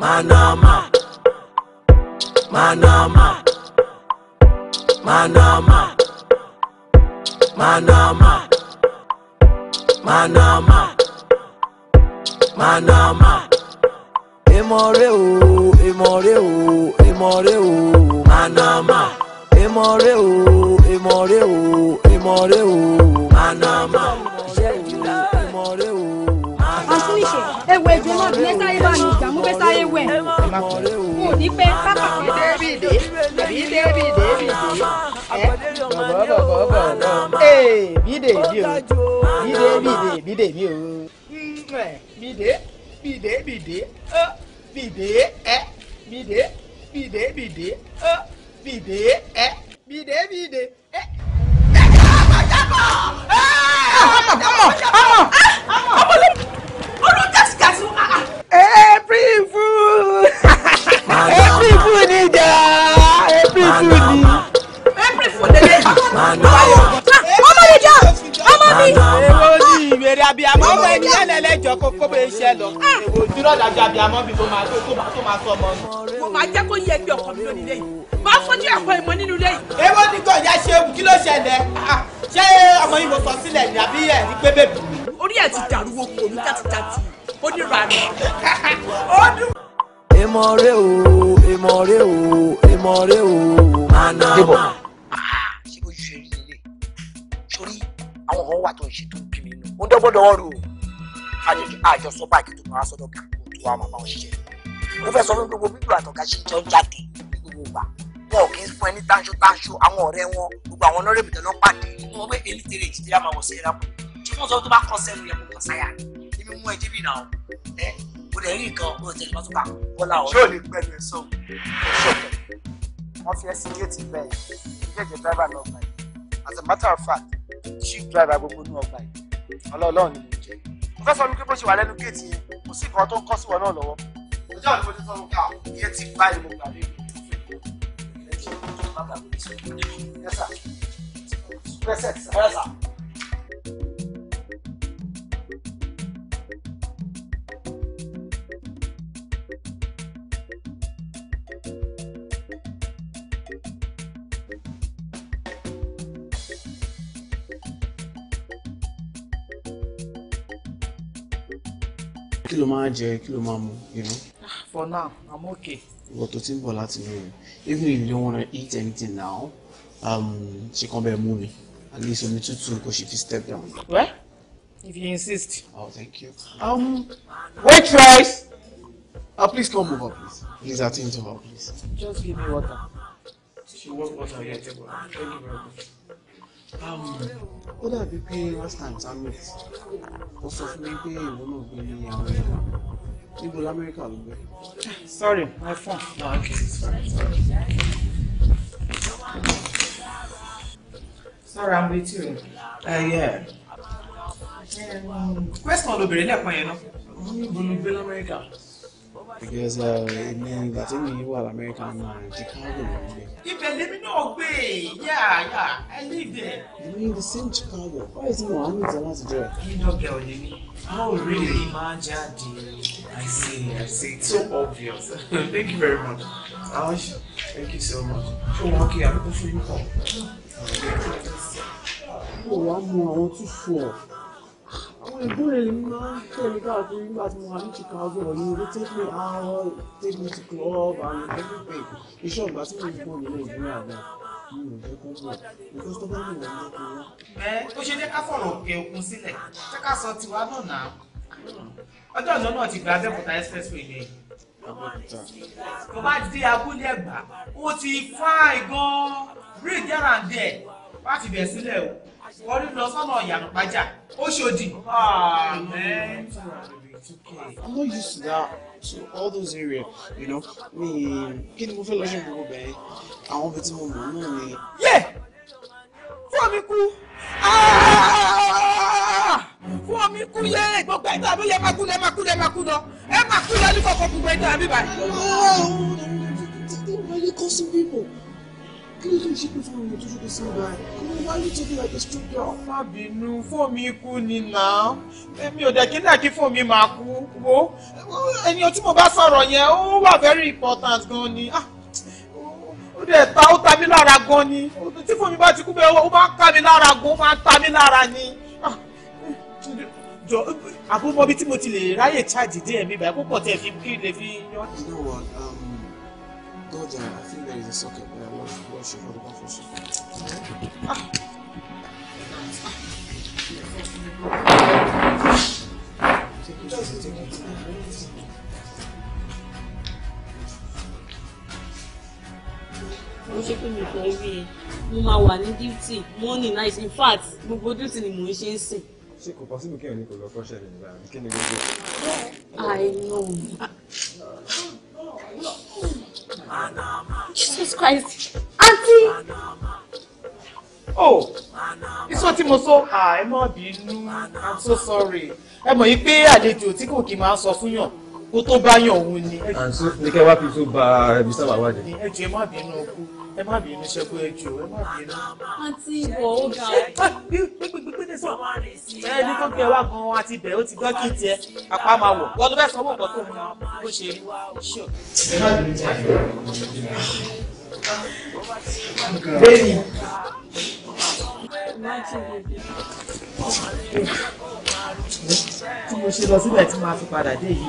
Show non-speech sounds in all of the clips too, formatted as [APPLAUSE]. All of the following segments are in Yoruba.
Manama Manama Manama Manama Manama Manama Emore o Emore o Emore o Manama Emore o Emore o Emore o Manama wẹ jọ náà bí mẹ́sàáyé bá mi jà mú mẹ́sàáyé wẹ̀ kò ní pẹ́ pápá. débìdé bí débìdé bìdé ẹ bọ̀bọ̀ bọ̀bọ̀ bọ̀bọ̀ ee bídè bí o bídè bídè bídè mi o. bídè bídè bídè bídè ẹ bídè bídè bídè bídè ẹ bídè bídè ẹ. Come on, come on, come on, come on olùdásíkàsí wọn. Ah, ah. every food every food ni jà every food ni. every food lè ah, ọmọ mi jà ọmọ mi àbíàmọ́ ọmọ ẹni lẹ́lẹ́lẹ́jọ kó kó bẹ́ẹ̀ ṣe lọ. èwo dúró dájú bí tó máa tó máa sọ ọmọ mo máa jẹ́ kó yẹ bí ọkọ mi lónìí lẹ́yìn máa fojú ẹ̀kọ́ ìmọ̀ nínú lẹ́yìn. èwo ni kò yá ṣe kí ló ṣẹlẹ̀ ah, ṣé ọmọ yìí mo sọ sílẹ̀ ní àbí ẹ̀ ní pé bèbí. orí ẹ̀ ti dàrú wo kò ó ní ràánù. [LAUGHS] ìmọ̀ rẹ̀ o ìmọ̀ rẹ̀ o ìmọ̀ rẹ̀ o máa ná àwọn kan wà tó ń ṣe tó ń bí mi mo dọ́gbọ́n dọwọ́ rò àjọsọ báàgì tó máa sọ́dọ̀ kí kò tó àwọn àwọn òṣìṣẹ́ mo fẹ́ sọ fún gbogbo bíbélì àtọ̀gá ṣe jọ jáde gbogbo ìgbà wọn ò kí ń fún ẹni tánṣó tánṣó àwọn ọ̀rẹ́ wọn gbogbo àwọn ọlọ́rẹ̀bì tó lọ pàdé wọn pé èyí tèrè ìjìdí àmọ́ àwọn sẹ́yìn rápò tí wọ́n sọ tó bá kọ́ sẹ́nu yẹ kó kọ́ sáyà èmi mú ẹjẹ́ bìnà ọ̀ ẹ́ o lè rí nǹkan o tẹ̀lé bá tó kà kọ́ là ọ̀. yóò ní pẹ̀lú ẹ̀ sọ́ọ̀ wọ́n fi ẹsìn géètì bẹ́ẹ̀ gẹ́gẹ́ driver lọ́gbà yìí as a matter of fact chief driver gbogbo ní ọgbà yìí ọlọ́ọ̀lọ́ọ̀ ni mo jẹ́ mo fẹ́ sọ wípé bó ṣe wà lẹ́nu géètì yẹn kò sí nǹkan tó ń kọ́ sí wọn náà lọ́wọ́ ọjọ́ àti mo ti sọ ká ah, iye tí báyìí mo gbà lé mi. Yes, sir. Yes, sir. máa jẹ kí ló máa mu you know. for now i'm okay. ìwọ tó ti ń bọ̀ láti lóyún even if you don't wanna eat anything now um, ṣe kàn bẹ́ẹ̀ mú mi at least omi tútù kò ṣe fi step down. well if you insist. oh thank you. Um, wait, rice. uh, please come over please please attend to her please. just give me water. she want water here table thank you very much. Um, ó dàbí pé last time samuel ó sọ fún mi pé ìwọ náà gbé ní amẹ́ríkà níbo lamẹ́ríkà ló gbé. sorry my phone. No, okay, sorry, i'm with you. Uh, yeah. Um, question ló bèrè lẹ́ẹ̀kan yẹn náà. níbo ló gbé lamẹ́ríkà because èmi ìgbà tí mi wà lamẹ́ríkà náà Chicago ló ń gbé. ibẹ̀ lèmi náà gbé yà yà ẹ ní ibẹ̀. èmi the same Chicago báyìí tí mo wà ní the last day. You know, girl, lè ní. how really imagine jáde I see I see It's so obvious [LAUGHS] thank you very much Ash thank you so much ṣé wọn kí to fún yín kàn. ó wàá mú àwọn tó fún ọ àwọn ẹ̀gbọ́n rẹ̀ lèmi máa ń tẹ̀lé káàkiri nígbà tí mo wà ní Chicago ọ̀yìn orí take me out take to club and everything iṣẹ́ ọ̀gbà tí mo ń kó nínú ìdúrà náà mi ò jẹ́ kó mọ̀ nǹkan tó bá mi wà ní ẹ̀kọ́ wa. bẹ́ẹ̀ ó ṣe ní ká fọ̀rọ̀ òkè òkun sílẹ̀ ṣé sọ tiwa náà náà ọjọ́ ọ̀nà náà ti gba Abẹ́òkúta expressway ni tó bá dé abúlé ẹ̀gbá ó ti fáì gan-an bíríìjì àràǹdẹ̀ láti bẹ̀ sílẹ̀ o wọ́n lọ sọ́nà ìyànà pàjá ó ṣòdì. I'm not used to that to all those areas you know mi kí ni mo fẹ́ lọ ṣe gbogbo bẹ́ẹ̀ àwọn ibi tí mo mọ̀ náà ni. yẹ fún cool. kú ah! fún mi kú yẹ gbogbo ẹ̀dá àbí yẹ máa kú lẹ máa kú lẹ máa kú lọ ẹ máa kú lẹ ní kọ̀ọ̀kan gbogbo ẹ̀dá àbí báyìí. They don't really cause people. Clearly she knows what we were doing this guy. Why are you taking like a stupid girl? Má bínú, fóònù mi kú ni náà. Èmi ò dẹ̀ kí náà kí fóònù mi máa kú wo. Ènìyàn tí mo bá sọ̀rọ̀ yẹn, ó wà very important gan ni. Ah, ó dẹ̀ ta ó ta mí lára gan ni. Tí fóònù mi bá ti kú bẹ́ẹ̀, ó máa ń ká mi lára gan, ó máa ń ta mí lára ni. Ah, Àbúmọ́bí tí mo ti lè ráyè chájì díẹ̀ mi báyìí, púpọ̀ tẹ̀ fi kí lè fi yan. You know what? Um, No, John, I think there is a socket, but I'm not, sure for the confusion. Ah. Take mo ṣe pé mi duty morning night in fact gbogbo duty ni mò ń ṣe ń sìn. ṣé kò pọ́sibú kí ẹ̀yin kò lọ kọ́ṣẹ́ rẹ̀ nígbà kí ni gbogbo. I know. Jesus Christ Auntie! oh iṣan tí mo sọ ẹ má bínú i'm so sorry ẹ mọ̀ yìí pé àlejò tí kò kì í máa sọ fún yàn kó tó bá yàn òun ni. àǹtí ní kẹ́ wá fi tó ba mr bawade. ẹ jẹ́ má bínú ọkọ ẹ má bínú ṣe pé ẹ jù ẹ má bínú. àǹtí ìwọ ó ga ọ. gbígbígbígbé sọ bẹ́ẹ̀ ní kókè wa gan an àti ibẹ̀ ó ti gbọ́ kí n tiẹ̀ apá máa wọ̀ wọ́n ló bẹ́ẹ̀ sanwó nǹkan tó mọ bó ṣe rí. bẹ́ẹ̀ni. bí mo ṣe lọ sílẹ̀ tí màá fi padà dé yìí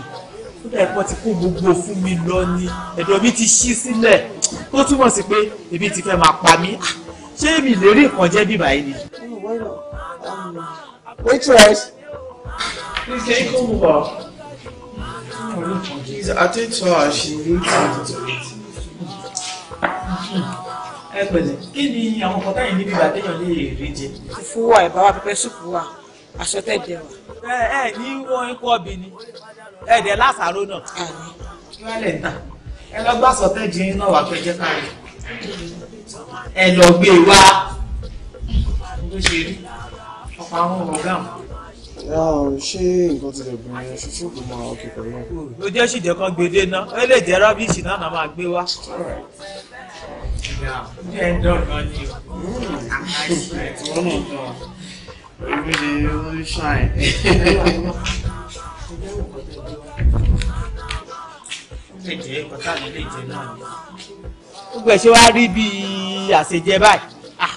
ẹ̀pọ̀ ti kó gbogbo fún mi lọ ni ẹ̀dọ̀ mi ti ṣí sílẹ̀ tó túmọ̀ sí pé ebi ti fẹ́ máa pa mí ah, ṣé èmi lè rí nǹkan jẹ́ bí báyìí ni. fúwa ẹ̀ bá wa pẹpẹ súpù wa aṣọ tẹ̀ dẹ̀ wa. ẹ ẹ ní wọn ikú ọbì ni. ẹ̀ẹ́dẹ̀ náà. lè ta ẹ lọ náà wà pé káre ẹ lọ gbé e wá bó ṣe rí ọ̀pọ̀ àwọn ọ̀gá àwọn. ṣé nǹkan ti lè gbin ẹ ṣíṣú kò máa ọkẹ pẹ̀lú Ó jẹ́ ṣìjẹ́ kan gbèdé lè jẹ́ [LAUGHS] lè jẹ́ ọ̀tá mi lè jẹ́ náà. gbogbo ẹ̀ ṣe wá rí bí àṣejẹ báyìí ah,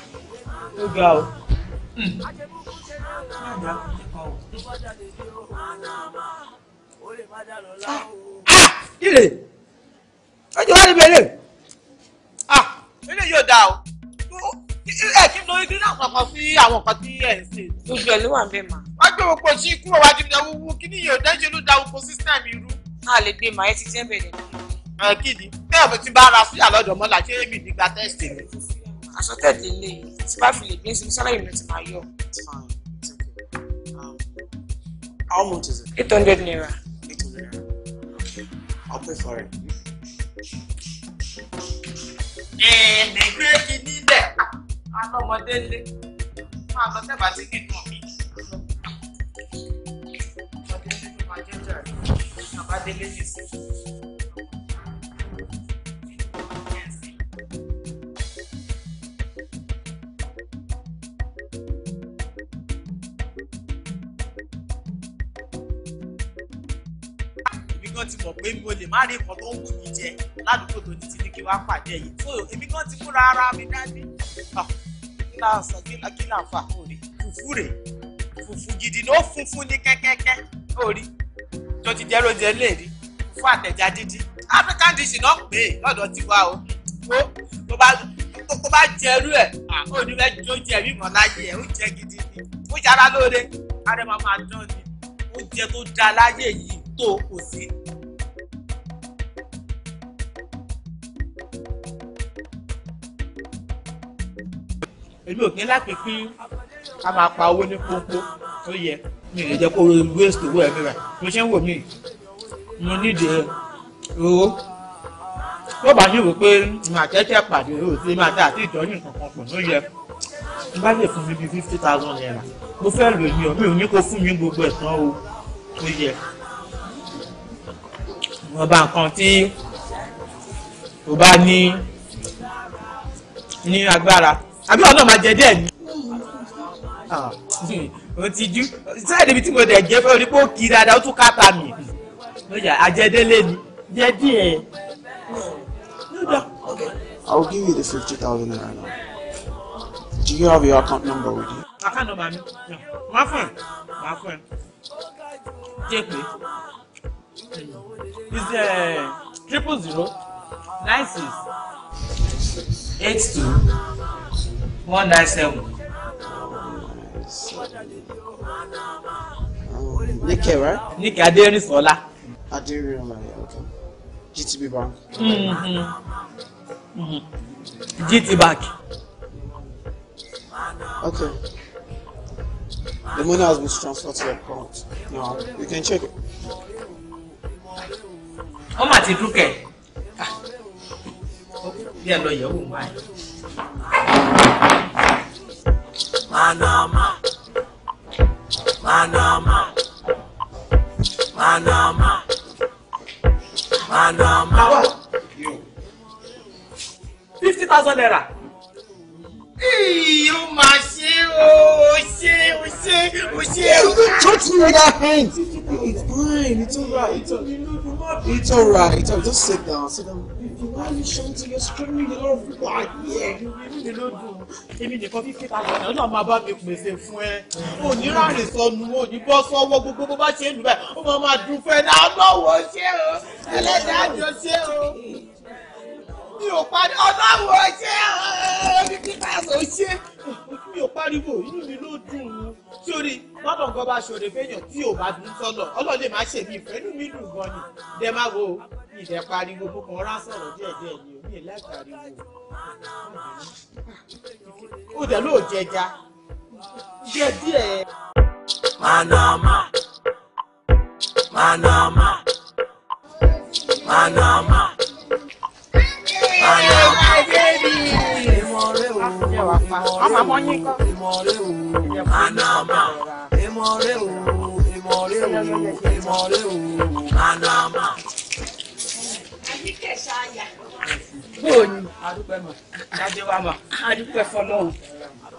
ó ga o. kílè ah, ọjọ́ ah, wá rí bẹ́ẹ̀ lè yóò dáa o ẹ kí n lórí kí náà pàpà sí àwọn nǹkan tí ẹ ń ṣe. gbogbo ẹ̀ ló wà bẹ́ẹ̀ mà. wọ́n gbé gbogbo sí ikú ọ̀wájú mi náà kí ni yóò dájú ló da gbogbo irú náà lè gbé màá ti jẹ́ bẹ̀rẹ̀. ẹ kíni bí àmì tí bá ra súyà lọ́dọ̀ mọ́lá ṣé èmi nígbà tẹ́sítì ni. àsọtẹ́lẹ̀ lè tí bá fi lè gbé sí sálẹ̀ ìrìn tí màá yọ. How much is it? Eight hundred naira. Eight hundred naira. Okay, I'll pay for it. Ẹ̀ẹ́dẹ̀gbẹ́ kìíní dẹ̀. Alọ́mọdé lé. Máa lọ tẹ́bàá sí kíkún mi. Adeleke sí. mo ti mọ̀ pé mi ò lè má rí nǹkan tó ń wù mí jẹ ládùúgbò tó ní ti ní kí wá pàdé yìí tó èmi gan ti fúnra ara mi dání kí là ń sọ kí là ń fà òrì fùfú rè fùfú gidi ló funfun ní kẹ́kẹ́kẹ́ òrì tó ti jẹ́ lóúnjẹ léèrí fún àtẹ̀já dídí African dish náà pè é lọ́dọ̀ tiwa o wo tó bá tó bá jẹ irú ẹ̀ ó ní bẹ́ẹ̀ tó jẹ ẹ̀mí mọ̀ láyé ẹ̀ ó jẹ gidi ni ó yára lóore ara máa máa dán ni oúnjẹ tó dáa láyé yìí tó kò sí èmi ò ní láti pín ká máa pa owó ní pọ́npọ́n tó yẹ mi lè jẹ́ kó waste owó ẹ̀mí rẹ̀ mo ṣe ń wò mí mo nídìí eh, owó tó bá ní ìwò pé màá tẹ́tẹ́ pàdé owó tí máa dá àti ìtọ́jú kankan pọ̀ ló yẹ n bá lè fún mi bíi fifty thousand naira mo fẹ́ lò ní ọ mi ò ní kó fún mi gbogbo ẹ̀sán o tó yẹ wọn bá nǹkan tí o bá ní ní agbára àbí ọ̀nà máa jẹ díẹ̀ ni. Ah, [LAUGHS] hmm o ti jú sáà níbi tí mo dẹ̀ jẹ́ fẹ́ onípò kí dáadáa ó tún kápá mi lójà ni jẹ́ díẹ̀. I will give you the fifty thousand naira now. Do you have your account number with you? Account number mi. Má fún ẹ̀. Má fún ẹ̀. Jẹ́ pé eh, triple zero nine six eight two one nine seven yes. Um, Nike, right? Nike Aderisola. Aderisola, okay. GTB Bank. Mm-hmm. Mm-hmm. GT Bank. Okay. The money has been transferred to your account. Now, you can check it. How much did you get? Yeah, no, you're Manama. Manama. Manama. Manama. Fifty thousand naira. Iyo ma ṣe o ṣe o ṣe o don't touch me with that hand. It's fine. It's alright. It's alright. It's alright. Just sit down. Sit down. You wá ní ṣẹ́yìn tí yóò sọ́kúrú ní lọ́rùn wá yẹ ní lódùn èmi nìkan fífi kalẹ̀ náà náà máa bá mi pèsè fún ẹ ò ní ráàrin sọnù ò ní bọ́ sọ́wọ́ gbogbo bó bá ṣe lù bẹ́ẹ̀ ó máa máa dùn fún ẹ náà lọ́wọ́ ṣé o ẹlẹ́dàá jọ ṣé o mi ò parí ọlọ́wọ́ ṣé o ní kíkà sọ ṣé mi ò pariwo inú mi ló dùn ún sórí lọ́dọ̀ nǹkan bá ṣòro fẹ́yàn tí ò bá dùn sọ́nà ọlọ́ọ̀lẹ́ máa ṣèmí ìfẹ́ inú mi dùn gan ni dẹ́ máa wo ìṣẹ̀ pariwo kó rá sọ̀rọ̀ díẹ̀ díẹ̀ ni omi ìlẹ́pàriwo ó dẹ̀ lóò jẹja díẹ̀ díẹ̀. manama manama manama manama wa pa ọmọ ọmọ yín kọ. ìmọ̀lẹ́ o manama ìmọ̀lẹ́ o ìmọ̀lẹ́ o ìmọ̀lẹ́ o manama kẹsà adúpẹ́ mọ̀ adúpẹ́ fọlọ́run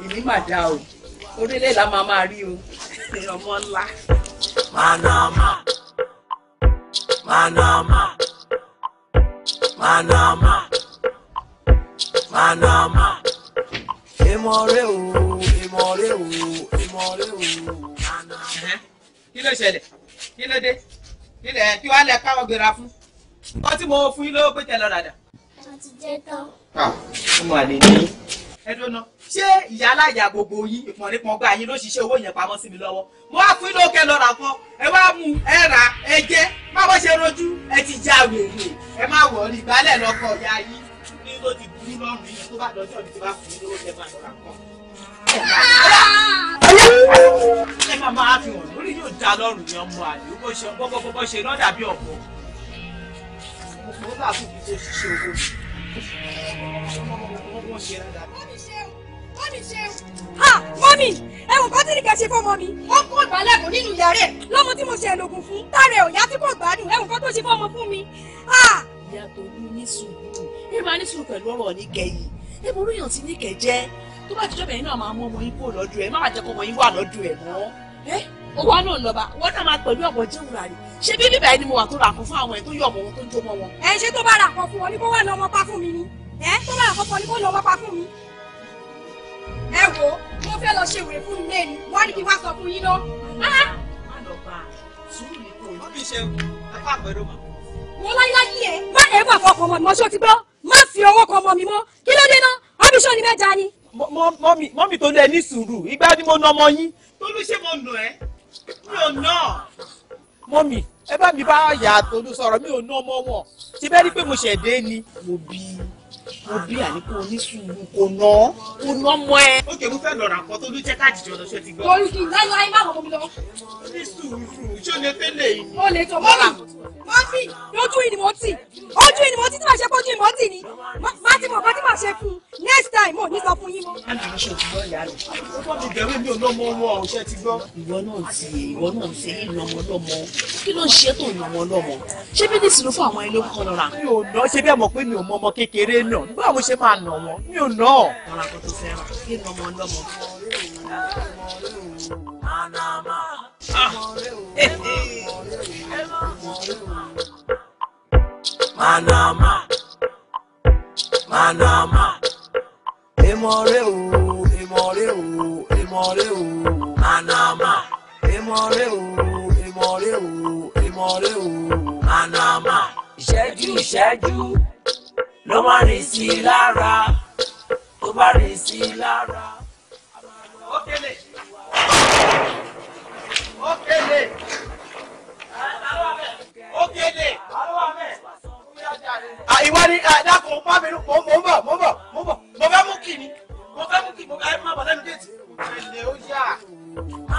ìní mà dá o orílẹ̀ la máa máa rí o ọmọ ńlá. manama manama manama manama ìmọ̀ọ́rẹ́ o ìmọ̀ọ́rẹ́ o ìmọ̀ọ́rẹ́ o manama. kí ló ṣẹlẹ̀ kí ló dé kí lẹ̀ kí wàá lẹ káwọ́ gbéra fún nǹkan tí mo fún yín lówó pé tẹ lọ mo ti jẹ tán. ọmọ àlè ni ẹ dọ́nà ṣé ìyá aláya gbogbo yín ìpọ̀nrípọ̀ngbà yín ló ṣiṣẹ́ owó yẹn pamọ́ sí mi lọ́wọ́ mo wá fún yín lówó kẹ kan ẹ wá mú ẹ rà má bọ́ ṣe rojú ẹ ti já wèrè ẹ má wọrí ìgbálẹ̀ lọ́kọ̀ ọ̀yá yín ẹ máa máa fi hàn lórí yóò dá lọ́rùn yẹn mú àlè bó ṣe bọ́bọ́bọ́ ṣe ọ̀pọ̀ mo fò ó bàbá mi tó ṣiṣẹ́ owó mọ́mí ẹ̀wọ̀n kan tí nìkan ṣe fún ọmọ mi. ó kó ìbálẹ̀ kò nínú ìyá rẹ̀. lọ́mọ tí mo ṣe ẹ̀lògùn fún tààrẹ ọ̀yá tí kò gbádùn ẹ̀wọ̀n kan tó ṣe fún ọmọ fún mi. ìyá tó ní ní sùúrù ẹ máa ní sùúrù pẹ̀lú ọ̀rọ̀ níkẹyìn ẹ burú yàn tí níkẹ jẹ́ tó bá ti jọ́bẹ̀ẹ́ náà máa mú ọmọ yín kó lọ́dún ẹ má bàjẹ́ kọ́ ọmọ yín wà lọ́dún ẹ mọ́ wọ́n náà lọ́ba wọ́n náà máa pẹ̀lú ọ̀pọ̀ jẹ́ òwúrà rẹ̀ ṣé bí bíbá ẹni mo wà tó rà kọ́ fún àwọn ẹ̀ tó yọ̀ mọ́ wọn tó jó mọ́ wọn. ẹ ṣé tó bá rà kọ́ fún wọn ni kó wà lọ́mọ pa fún mi ni ẹ tó bá rà kọ́ fún wọn ni kó lọ́mọ pa fún mi. ẹ wo mo fẹ́ lọ ṣe ìwé fún ilé ni wọ́n ní kí n wá sọ fún yín lọ. mo láyáyí ẹ má ẹ wà fọkàn ọmọ mi mọ́ ṣó ti gbọ́ má fi owó kan ọmọ mi mọ́ kí ló dé náà ọ́bíṣọ́ ni mẹ́ta ni. mọ́mì tó lẹ ní sùúrù ìgbà ni mo nà ọmọ yín. tolú ṣé mo nù ẹ́ mi ò ná mọ́mì ẹ bá mi bá yà àtọ́lú sọ̀rọ̀ mi ò ná ọmọ wọn ti bẹ́ẹ̀ rí pé mo ṣẹ̀ dé ni mo bí i mo bí àní kó o ní sùúrù kò ná kò ná mọ ẹ. ó kè mú fẹ́ lọ ra nǹkan tó ló jẹ́ káàdì jọ lọ ṣe ti gbọ́. orí kì í láyọ̀ ayé máa wọ̀ mí lọ. ó ní sùúrù ṣé o lè tẹ́lẹ̀ yìí. o lè tọ́ mọ́mì mọ́mì lójú ìní mo tì ojú ìní mo tì tí màá ṣe kójú ìní mo tì ni má ti mọ̀ bá tí màá ṣe fún un next time mo ní sọ fún yín mọ́. láti fi ṣòkòtò ìyá rẹ̀ ó bọ́ mi bẹ̀rù mi ò lọ́mọ wọn ò ṣe ti gbọ́. ìwọ náà ti ìwọ náà ṣe yí ìnàmọ́ lọ́mọ kí ló ń ṣe tó ìnàmọ́ lọ́mọ ṣé bí nísìnyí fún àwọn ilé ń kọ́ lọ́ra. mi ò lọ ṣe bẹ́ẹ̀ mọ̀ pé mi ò mọ ọmọ kékeré n nà báwo ṣe máa nà wọn mi ò nà. Manama, Manama, Emore o, Emore o, Emore o, Manama, Emore o, Emore o, Emore o, Manama, ìṣẹ́jú ìṣẹ́jú ló má rìn sí i lára ó bá rìn sí i lára. ó kélé ó kélé ó kélé ah, ìwọ ni ah, dákun má bínú mo ń bọ̀ mo ń bọ̀ mo ń bọ̀ mo fẹ́ mú kì ni mo fẹ́ mú kì mo fẹ́ má bọ̀ lẹ́nu déètì. ẹ̀lẹ́ ó yà.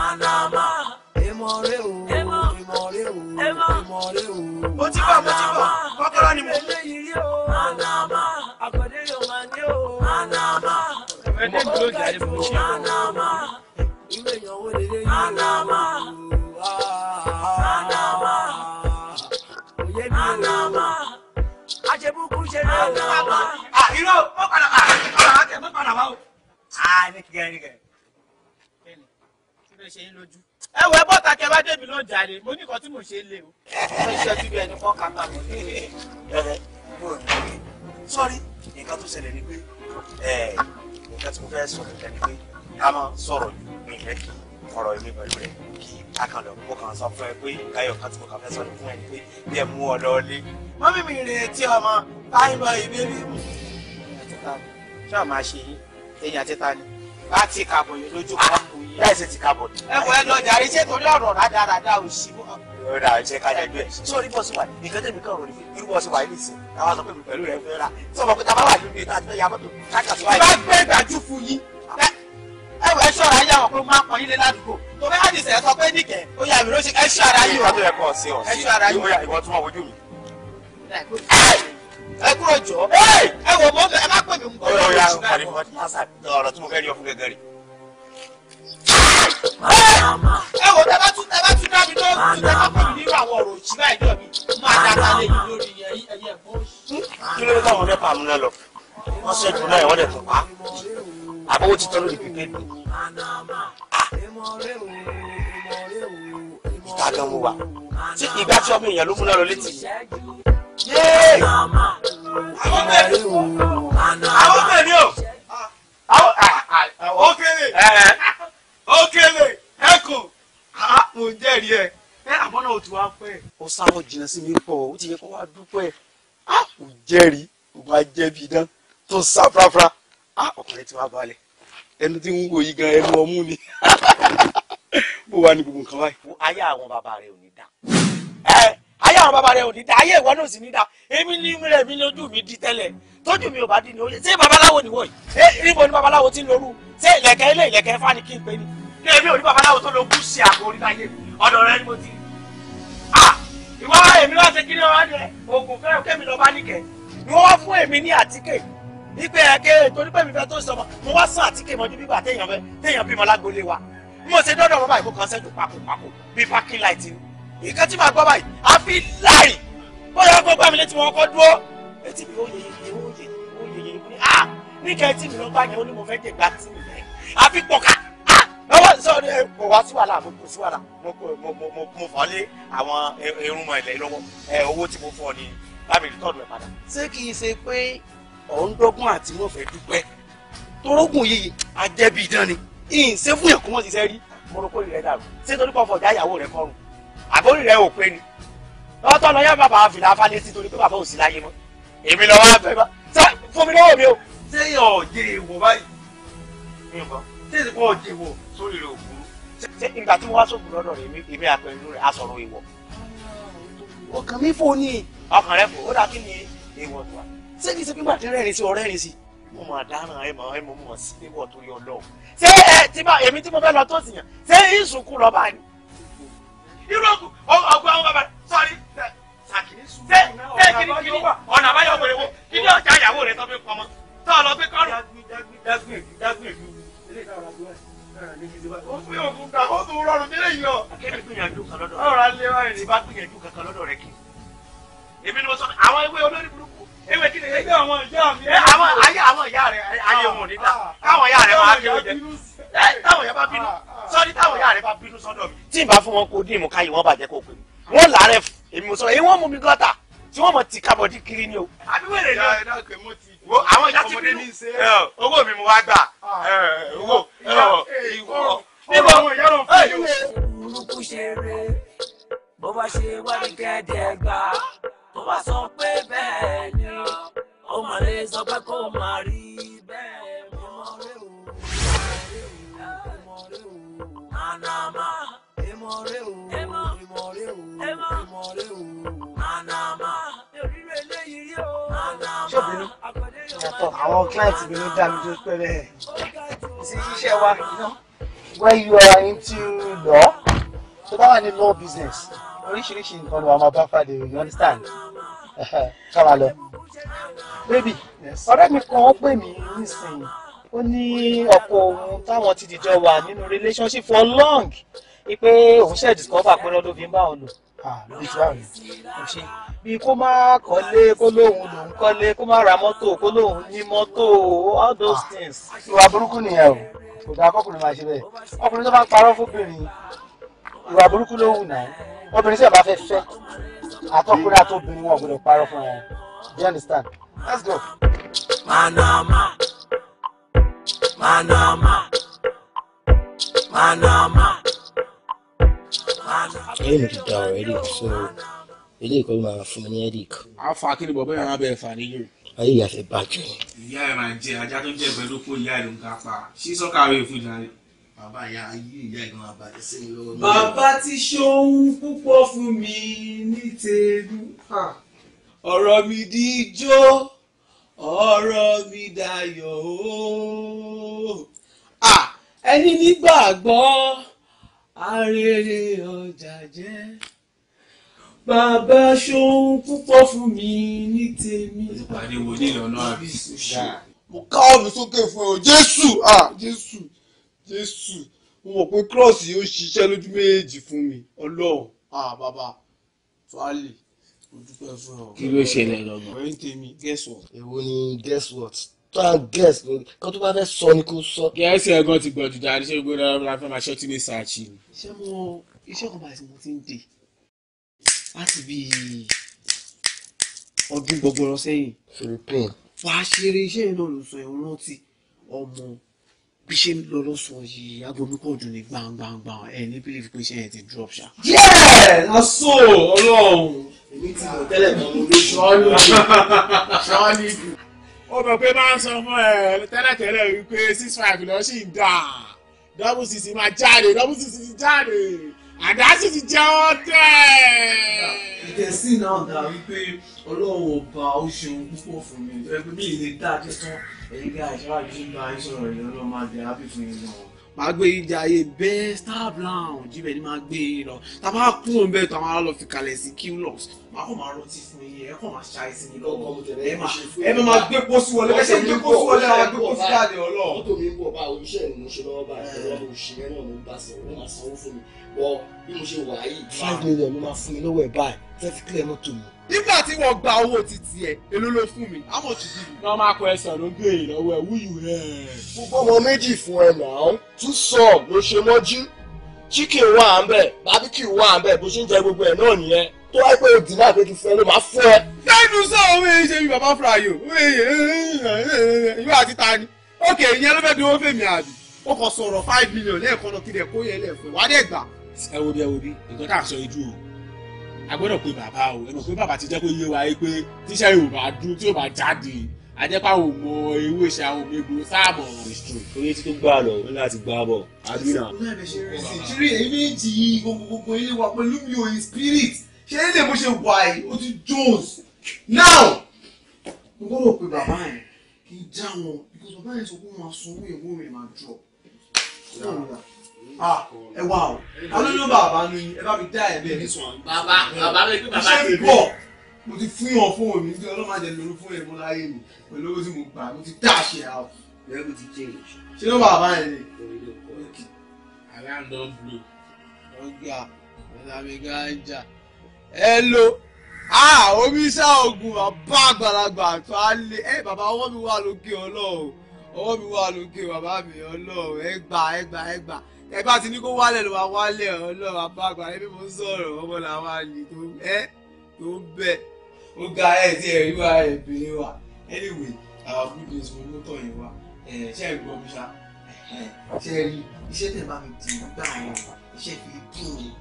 ànàmọ́ èmọ̀ rẹ o mo ti bọ̀ mo ti bọ̀ kọ́kọ́rọ́ ni mo. Anama àkọ́dé yóò máa ní o. Anama ẹgbẹ́ dúró jáde mo ṣe. Anama ìwé ìyàwó lè lè yí. Anama Anama òye mi o. Anama àjẹbùkún ṣe lè o. Anama àìró ó padà wá ọ̀rọ̀ àti ẹ̀fọ́ padà wá o. Àà ní kìkẹ́ ní kìkẹ́. Bẹ́ẹ̀ni, kí ló ṣe yín lójú? ẹ wọ ẹ bọ́ta kẹ bá débi ló jàre mo ní nǹkan tí mo ṣe lé o. ẹ ṣe ti bí ẹni kọ́ kàkà mọ́ ní ẹ̀rẹ́ mo rò pé sọ́rí nǹkan tó ṣẹlẹ̀ ni pé nǹkan tí mo fẹ́ sọ nìkan ni pé a máa sọ̀rọ̀ ní ìfẹ́ kí ọ̀rọ̀ mi pẹ̀lú rẹ̀ kí a kan lọ mo kàn sọ fún ẹ pé káyọ̀ kan tí mo kàn fẹ́ sọ ní fún ẹ ni pé bí ẹ mú ọ lọ lé mọ́mí mi retí ọmọ báyìí báyìí ṣé àwọn máa ṣe yín ẹ̀yìn àti ta bá ti kàbọ̀ yìí lójú kan kù yìí. láì ṣe ti kàbọ̀ ni. ẹ kò ẹ lọ jàre ṣé torí ọ̀rọ̀ rádaràda ò sí mọ́. rà jẹ ká dájú ẹ sórí bọ́ọ̀sì wà ní nǹkan tẹ̀mí kan rò ní irú bọ́ọ̀sì wà nílì sí àwọn sọ pé mi pẹ̀lú rẹ fẹ́ rà tí ọmọ pẹ̀lú àbáwá nínú ìta àti ìyá mọ́tò káàkà sí wáyé. bá gbé ìgbàjú fún yín ẹ wọ ẹṣọ ara yà wọn pé máa pọn yín lé ládùúgbò tó fẹ́ àdìsẹ́ ẹ sọ pé nìkẹ́ ó yà mí lóṣù ẹṣọ ara yìí o ẹṣọ ara yìí o ìwọ tó máa wojú mi ẹ kúrò jọ ẹ wọ mọ ẹ má pè mí mọ. ọ̀rọ̀ ya ọ̀rọ̀ mi wọ́n ti máa ṣàkóso ọ̀rọ̀ tí mo fẹ́ rí ọkùnrin gẹ́gẹ́ rí. ẹ wọ tẹ bá tún tẹ bá tún dá mi lọ tún tẹ bá pè nínú àwọn ọ̀rọ̀ òjì báyìí jọ mi máa dáta lé yìí lórí ẹyẹ ẹ̀gbọ́n. Hmm? kí ló dé táwọn nípa àmúná lọ wọ́n ṣẹ́jú náà wọ́n dẹ̀ tún pa àbówó ti tọ́ lórí pípé dùn. Ah! ìta gan mo wà tí ìgbà tí ọmọ èèyàn ló múná lọ létí yìí àwọn mẹ́rin o àwọn mẹ́rin o okele okele ẹkùn mo jẹ́rìí ẹ o ti wá pẹ́. ó sáwọ́ jìnnà sí mi pọ̀ ó ti yẹ kó wá dúpẹ́ ah, mo jẹ́rìí mo bá jẹ́bi idán tó sá fúráfúrá ah, ọkùnrin ti wá balẹ̀ ẹnu tí ń wò yí gan ẹnu ọmú ni bó [LAUGHS] wà ní gbogbo nǹkan báyìí. ayé àwọn bàbá rẹ ò ní dá. ẹ eh, táwọn bàbá rẹ ò ní da ayé ìwọ náà sì ní da èmi ní rẹ mi lójú mi di tẹ́lẹ̀ tójú mi ò bá di ni ó yẹ ṣé babaláwo nìwọ yìí ṣé níbo ni babaláwo ti ń lorú ṣé ìlẹ̀kẹ̀ ilé ìlẹ̀kẹ̀ fani kí n pè ní ní èmi ò ní babaláwo tó lo kú sí àkórí láyé ọ̀dọ̀ rẹ ni mo ti ìwọ èmi wá ṣe kíni ọ̀rọ̀ rẹ oògùn fẹ́ kémi lọ bá nìkẹ́ ni wọ́n wá fún èmi ní àtíkè ipe ẹ̀kẹ́ torí mi fẹ́ tó sọmọ mo wá sàn àtíkè mọ́ ìkan tí màá gbọ́ báyìí àfi láì bóyá gbọ́ gbá mi létí wọn kọ́ dúró etí mi ó yẹ yẹ ó yẹ ó yẹ yẹ ó ní à níkẹ́ etí mi ló bá yẹ ó ní mo fẹ́ jẹ gbá tí mi lẹ́ àfi pọ̀ká à ah! lọ́wọ́ sọ̀rọ̀ ẹ kò wá sí wàhálà mo kò sí wàhálà mo mo mo mo fọ́ lé àwọn irunmọ̀ ilẹ̀ lọ́wọ́ ẹ owó tí mo fọ́ ni bá mi rí tọ́nu ẹ̀ padà. ṣé kì í ṣe pé òun dọ́gbọ́n àti mo fẹ́ dúpẹ́ torógùn yìí ajẹ́bí dán ni ìyìn ṣé fún yàn kó mọ̀ ṣiṣẹ́ rí mo rò pé ìrẹ́ dàrú ṣé torí kọ́ fọ̀jà ìyàwó rẹ̀ kọrùn àbórí rẹ ò pé ni lọ́tọ̀ lọ yá bàbá fìlà afálẹ́sí torí pé bàbá ò sí láyé mọ́ èmi lọ wá fẹ́ bá fún mi lọ́wọ́ mi o. sẹ́yìn ọ̀jẹ̀ èèwọ̀ báyìí sẹ́yìn kọ́ ọ̀jẹ̀ èèwọ̀ sórí rẹ̀ òkú. ṣé ìgbà tí wọ́n wá sóògùn lọ́dọ̀ rẹ̀ èmi àpẹẹrẹ rẹ̀ aṣọ̀rọ̀ èèwọ̀. ọkàn mi fò ní. ọkàn rẹ fò ó dà kí ni èèwọ̀ tó wa. ṣé kí n ṣe pé sí ọ̀rẹ́ rìn sí. mo máa dáràn ẹ mọ̀ ẹ mọ̀ sí ewọ̀ tó yọ lọ. ṣé èmi tí irú ọkùn ọgbọ àwọn bàbá sọrí ṣe ṣe kìnnìkìnnì ọ̀nà àbáyọ ọ̀gbẹ̀rẹ̀ wo kí ni ọjà ìyàwó rẹ tọ́ fi pamọ́ tọ́ ọ lọ gbé kọ́rùn. ó tún rọrùn nílé yìí lọ. akéde gbìyànjú kan lọ́dọ̀ rẹ. ọ̀rọ̀ alẹ́ wa ni. tí bá gbìyànjú kankan lọ́dọ̀ rẹ kì í. èmi ni mo sọ àwọn ewé olórí burúkú ewé kí ni. ẹgbẹ́ àwọn ìyá mi. àwọn ayé àwọn ìyá rẹ ayé wọn ò ní ta ah, káwọn ìyá rẹ máa kéwòn jẹ táwọn yẹn bá bínú sọ́ọ́dí táwọn yàrá bá bínú sọ́dọ̀ mi tí n bá fún wọn kó dín ìmú wọn bàjẹ́ kó pè mí wọn làárẹ̀ èmi sọ èyí wọn mú mi gọ́tà tí wọn mọ̀ ti kábọ̀dí kiri ni o. àbí wèrè ni o àwọn ìyá ti bínú owó mi mo wá gbà owó ìwọ níbo burúkú ṣeré bó bá ṣe wá ní kẹ́ẹ̀dẹ̀ gbà bó bá sọ pé bẹ́ẹ̀ ni ó mà lè sọ pé kó má rí bẹ́ẹ̀. Anama Emore o, emore o, emore o. Manama. Eriro eléyìí rí o. Manama. Yàtọ̀ àwọn client mi ló dá mi tó pẹ́rẹ́ ẹ̀. Sí iṣẹ́ wa, when you are into law, tó bá wà ní law business, oríṣiríṣi nǹkan ni wàá máa bá pàdé, you understand? [LAUGHS] Ká wa lọ. Baby, ọ̀rẹ́ mi kan ó pè mí nísìnyí ó ní ọkọ òun táwọn ti dìjọ wà nínú relationship for long pé òun ṣe discover pé lọ́dún fi ń bá òun lò lórí tí wàá rí kò ṣe bí kó má kọ́lé kó lóun lòun kọ́lé kó má ra mọ́tò kó lóun ní mọ́tò all those things. ìwà burúkú nìyẹn o kò dáa kọkùnrin máa ṣe bẹ́ẹ̀ ọkùnrin tó bá parọ́ fóbìnrin ìwà burúkú ló wù náà obìnrin tí bá fẹ́ fẹ́ àtọkùnrin àtọbìnrin wọn ò gbọdọ̀ parọ́ fún ẹ do you understand let's go. manama mano a mano. Mano a mano. I didn't get that already, so ilé ìkọ́ máa fún mi ní headache. afa kí ni bọ̀ bẹ́ẹ̀ máa bẹ̀rẹ̀ fà níyì. ayé ìyá ti bàjẹ́. ìyá ẹ̀ máa jẹ ajá tó jẹ pẹ̀lú kó ìyá ẹ̀ ló ń ká pa ṣí sọ́kàwé fún ìjà rẹ̀. bàbá ìyá ayé ìyá ẹ̀ máa bàjẹ́ sí mi lọ́wọ́. bàbá ti ṣohun púpọ̀ fún mi ní tèlú ọ̀rọ̀ mi di ijó ọ̀rọ̀ mi dayọ̀ o. ẹni nígbàgbọ́ arére ọjà jẹ́ bàbá ṣohun púpọ̀ fún mi ní tèmi. ìpàdéwò nílò náà bí sùṣà. mo ká ọ̀rùn sókè fún ẹ o jésù jésù jésù mo mọ̀ pé kírọ̀sì yóò ṣiṣẹ́ lójú méjèèjì fún mi ọlọ́run bàbá tuwálì kí ló ṣẹlẹ̀ lọ́gbọ̀n. ọ̀rẹ́ tèmi guess what. èwo ni guess what tó à ń guess lórí kan tó bá fẹ́ sọ ni kó sọ. gẹ̀ẹ́sì ẹ̀gbọ́n ti gbọ̀dù dáadé ṣé gbogbo ẹ̀rọ la fẹ́ máa ṣọ́ tí lè ṣáàṣì. iṣẹ́ mo iṣẹ́ kan báyìí mo ti ń dè láti bí ọdún gbọgbọrọ sẹ́yìn. philippine. wà á ṣeré iṣẹ́ yẹn náà ló sọ ẹ̀rọ rántí ọmọ bí ṣe ń lọ lọ́sàn yìí aago mi kò dùn ní gbangbangba ẹ̀ ní bílíf pé iṣẹ́ yẹn ti drop ṣá. yẹ́ẹ̀ na so ọlọ́run èmi ti mọ̀ tẹ́lẹ̀ mọ́ mo lójú. sọ́ọ́lù sọ́ọ́lù ìdù. ó mọ̀ pé máa ń sọ fún ẹ tẹ́lẹ̀tẹ́lẹ̀ wípé six five lọ sí ń double six máa jáde double six ti jáde àdá sì ti jẹ́ ọ́tẹ̀. ìtẹ̀sí náà dà wípé ọlọ́run ọba ó ṣeun púpọ̀ fún mi ẹgbẹ́ mi ìlẹ̀ dáadé tán ẹ̀yìn gáà ìṣáájú bá iṣẹ́ ọ̀rẹ́ ọlọ́run máa dẹ̀ fún yín náà màá gbé yín jẹ ayé besta brown jíbẹ̀ ni màá gbé yín lọ tàbá kú òun bẹ́ẹ̀ tó àwọn ará lọ fi kalẹ̀ sí qlox màá kọ́ máa rántí fún yín ẹ kọ́ máa ṣá ẹsìn mi lọ́wọ́ ẹ máa ẹ máa gbé pósí wọlé ẹ ṣe gbé pósí wọlé àwọn gbé pósí jáde ọlọ́. mọ́tò mi ń bọ̀ bá oníṣẹ́ ìmúṣe lọ́wọ́ báyìí ọlọ́run òṣìṣẹ́ náà ló bá sọ̀rọ̀ ó máa sanwó fún mi wọ bí mo ṣe wà yìí five million ló máa fún mi lọ́wọ́ ẹ̀ báyìí ẹ fi kílẹ̀ mọ́tò mi. nígbà tí wọ́n gba owó títí ẹ̀ èló ló fún mi. how much is it. normal question ló ń béèrè lọ́wọ́ ẹ̀ wúyù ẹ̀. gbogbo ọmọ méjì fún ẹ náà tún sọ ló ṣe mọ́jú chicken wà á ń bẹ̀ barbecue wà á ń bẹ̀ bó ṣe ń jẹ gbogbo ẹ̀ náà nìyẹn tó wáyé pé òdì náà pé kí fún ẹ ló máa fún ẹ. lẹ́nu sọ òun èyí ṣe bí bàbá fúra yìí o ìwé àti ta ni ókè ìyẹn ló fẹ́ di owó fèmí àbí ó kàn sọ̀rọ̀ five million lẹ́ẹ̀kan lọ kí lẹ̀ kó yẹn lẹ̀ fún ẹ wá dẹ̀ gbà. ẹ wo bí ẹ wo bí nǹkan tá a sọ ojú o a gbọ́dọ̀ pé bàbá o ẹ mọ̀ pé bàbá ti jẹ́ kó yé wa yé pé tíṣà yóò bá dún tí yóò bá jáde àjẹpá ò mọ ewé ṣe àwọn omegbò sáàbọ̀ ọ̀rọ̀. oyè tí tó gbà lọ ó láti gbà bọ̀ àdúrà. ọ̀rẹ́ mi ṣe rẹ̀ sí ṣírí èyí méjì yìí gbogbogbò ilé wa pẹ̀lú mi ò yí spirit ṣé ilé bó ṣe wà yìí ó ti jones now. mo gbọ́dọ̀ pé bàbá yẹn kì í já wọn because bàbá yẹn sọ pé wọ́n máa sanwó ìwé mi máa jọ. Ah, ẹ wá o alóyún bàbá ni ẹ bá mi dá ẹ bẹ́ẹ̀. baba baba mi pé baba ti bọ̀ mo ti fún yàn fún mi nítorí ọlọ́mọ àjẹ lórí fún èèmọ láyé mi pẹ̀lú owó tí mo gbà mo ti dá àṣẹ àwọn. bẹ́ẹ̀ mo ti jẹ́ ṣé ló bàbá yẹn ni. aláǹdọ̀ blue. ọgá ọ̀làmì gánjà ẹ lo ah, omi sá oògùn bàbá àgbàlagbà àtọ́ alẹ́ ẹ eh, bàbá ọwọ́ mi wà lókè ọlọ́ọ̀ ọwọ́ mi wà lókè bàbá mi ọlọ́ọ̀ ẹ gbà ẹ gbà ẹ gbà ẹ bá ti ní kó wálẹ̀ ló wá wálẹ̀ ọlọ́run abágbà ẹbí mo ń sọ̀rọ̀ ọmọ làwọn àlè tó ẹ tó bẹ̀ ó ga ẹ̀ tí ẹ̀rí wa ẹ̀ wa anyway our good news for ló tọ̀ yẹn wa ṣé ẹ gbọ́ mi ṣá ṣe ẹ rí iṣẹ́ tẹ̀ bá mi dì í gbà yẹn iṣẹ́ fi dùn mí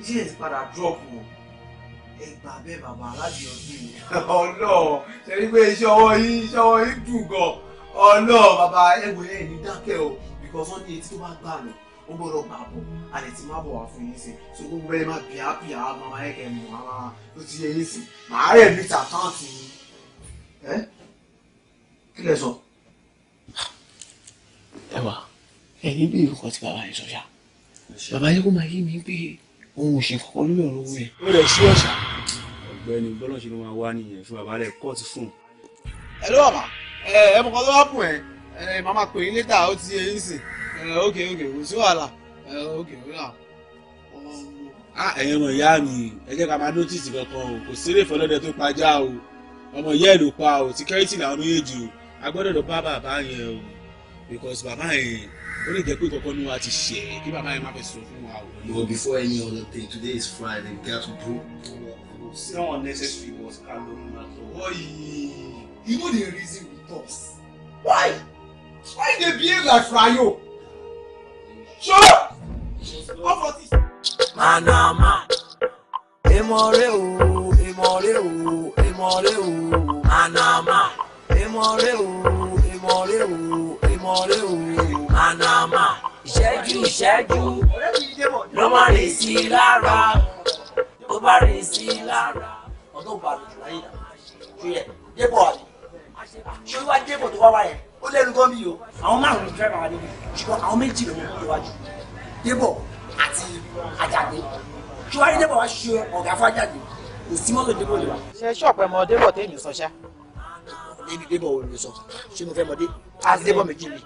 iṣẹ́ ti padà drop o ẹ gbà bẹ́ẹ̀ bàbá láti ọdún yìí. ọlọ́ọ̀ ṣe ní pé iṣẹ́ ọwọ́ yìí iṣẹ́ ọwọ́ yìí dùn gan-an ọlọ́ọ̀ bàbá ẹ̀wọ̀n ẹ̀ ní dákẹ́ o because wọ́n ní etí tó bá gbà lọ ó gbọ́dọ̀ gbà bọ̀ a lè ti má bọ̀ wá fún yín sí so gbogbo bẹ́ẹ̀ má bíà bíà màmá yẹn kẹ́ mọ̀ màmá ló ti yẹ yín sí màá rẹ̀ mi ta àkáǹtì yín ẹ́ kí lẹ sọ. ẹ wà ẹni bí ìrúkọ tí bàbá yẹn sọ bàbá yẹn kó máa yé mi pé òun ò ṣe kọ́kọ́ lórí ọ̀rọ̀ owó yẹn. ó lè ṣí ọ̀ṣà. ọ̀gbẹ́ni bọ́lá ṣe ló máa wá nìyẹn fún bàbá rẹ̀ kóòtù fún un. ẹ ló bàbá ẹ ẹ mọ̀ kọ́ ló wá bùn ẹ̀ ẹ màmá pè yín létà ó ti yẹn sìn ẹ ok ok kò sí wàhálà ẹ ok ó là. Ah, ẹ̀yin ọmọ ìyá mi ẹ jẹ́ ká máa nọ́tìsì kankan o kò séré fọlọ́dẹ tó pajá o ọmọ ìyá ẹ̀ ló pa o síkẹ́rìtì làwọn méjèèjì o a gbọ́dọ̀ lọ bá bàbá yẹn o because bàbá yẹn ó lè jẹ́ pé kọ́kọ́ ni wàá ti ṣẹ̀ kí bàbá yẹn má fẹ́ sọ fún wa o. but before any other thing today is Friday we gats do. someone unnecessary was kalorun na to. oyi you no dey reason we talk. why. Why you dey behave like Frayo? Sure! What for this? Man, ah, man. Emore o, emore o, emore o. Man, ah, man. Emore o, emore o, emore o. Man, ah, man. Ìṣẹ́jú ìṣẹ́jú ló máa rìn sí i lára. Ó bá rìn sí i lára. Ọdún ìbàdàn jù láyé Ṣé yẹ? Débọ̀ àbí? Ṣé wá débọ̀ tó wá wá ó lẹ́nu gan bí o àwọn márùn-ún ní dírẹ́bà wa níbi ṣùgbọ́n àwọn méjì ló ń kó wájú débọ̀ àti àjàgbé ṣùgbọ́n débọ̀ wá ṣe ọ̀gá fún àjàgbé kò sí mọ́tò débọ̀ lè wa. ṣe ṣọ́ọ̀pù ẹ̀mọ débọ̀ tèmi sọ ṣá. débi débọ̀ ò lè sọ ṣé mo fẹ́ mọ dé àti débọ̀ méjì ni.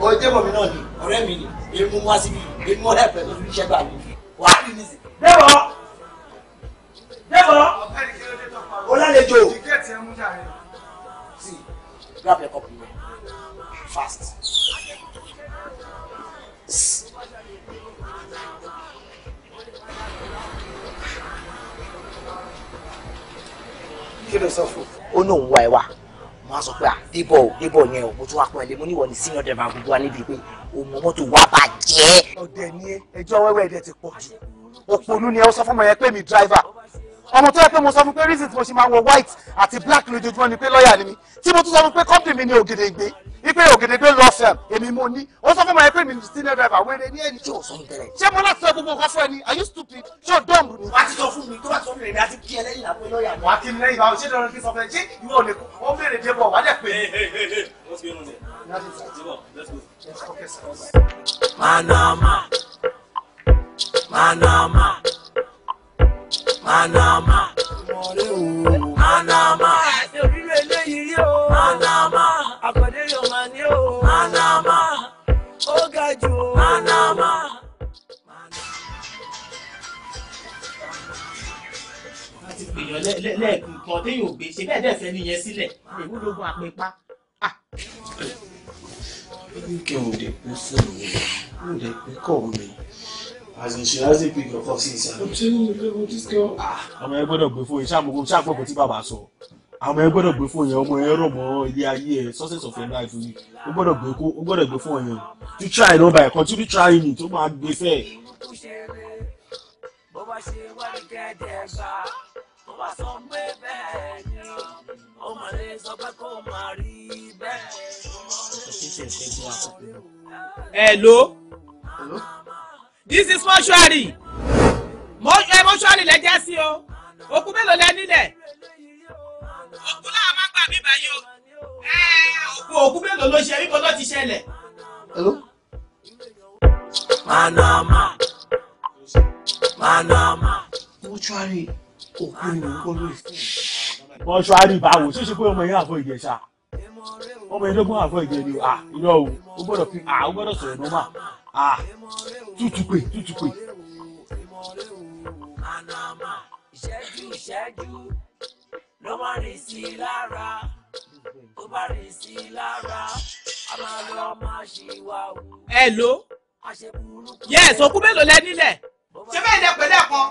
ó ah, débọ̀ mi náà ni ọ̀rẹ́ mi ni èmi mú wá síbi èmi mọ́ Débọ̀, o lálejò. See, grab your cup in there. Fast. Kí ló sọ fún? Ó ní òun wá ẹ wá mo á sọ pé à débọ̀ ò débọ̀ yẹn ò mo tún wá pọ̀ ẹ̀lẹ́ mo ní ìwọ ní senior driver gbogbo wa níbi pé o mọ mọ́tò wa bàjẹ́. ọ̀dẹ̀ ni ẹjọ́ wẹ́wẹ́ ẹ̀dẹ̀ ti pọ̀ jù òpònú ni ẹ sọ mi driver ọmọ tó yẹ pé mo sọ fún pé reason tí mo ṣe máa wọ white àti black lójoojúmọ́ ni pé lọ́ọ̀yà ni mi tí mo tún sọ fún pé company mi ni Ògèdèngbé ipe Ògèdèngbé law firm èmi mo ní ó sọ fún mi pé mi ni senior driver wẹ́rẹ́ ní ẹni tí ò sọ ń ṣé mo láti sọ gbogbo nǹkan fún ẹni are you stupid ṣé o dọ́ọ̀mù ni. wàá ti sọ fún mi tó bá sọ fún mi àti kí ẹlẹ́yìn àpò lọ́ọ̀yà mi. wàá kí lẹ́yìn báwo ṣé dandan kí sọ fún ẹ ṣé ìwọ ò lè kó ó béèrè dé bọ̀ wá dẹ̀ pé. Manama, Manama. Manama. Manama. Òrírò eléyìí rí o. Manama. Àkọ́dé yóò máa ní o. Manama. Ó o. Manama. èèyàn lẹ́ẹ̀kan kan téèyàn ò gbé ṣe bẹ́ẹ̀ dẹ̀ fẹ́ nìyẹn sílẹ̀ ìwúlógún àpépá. kí n ò dé pé fóònù mi n ò dé pé kọ́ mi àwọn ẹ gbọ́dọ̀ gbé fóyín ṣàmùkú ṣàpọ̀kù tí bàbá sọ àwọn ẹ gbọ́dọ̀ gbé fóyín ọmọ ẹ rọ̀ mọ́ ilé ayé ẹ success of your life ni o gbọ́dọ̀ gbé kó o gbọ́dọ̀ gbé fóyín o you try no by continue trying it o máa gbé fẹ́. ẹ lo. Hello? this is mọ́ṣúárì mọ́ṣúárì lẹ́jẹ́ sí o òkú mélòó lẹ nílẹ̀ òkú náà má gbà mí báyìí o eh, òkú òkú mélòó ló ṣe bíbo ló ti ṣẹlẹ̀. manama manama mọ́ṣúárì òkú ni kò lóye fún mi. mọ́ṣúárì báwo ṣé ṣe pé ọmọ yẹn àfọ ìjẹsà ọmọ yẹn lógún àfọ ìjẹ ni à ah, irọ́ o ó gbọ́dọ̀ fi à ah, ó gbọ́dọ̀ sọ̀rọ̀ nọ́mà ah tútù pé tútù pé. anama ìṣẹ́jú ìṣẹ́jú ló má rìn sí i lára tó bá rìn sí i lára a máa lọ máa ṣe wù. ẹ ló yẹ ẹsọ mélòó lẹ nílẹ̀. ṣé bẹ́ẹ̀ lẹ pẹ̀lẹ́ kan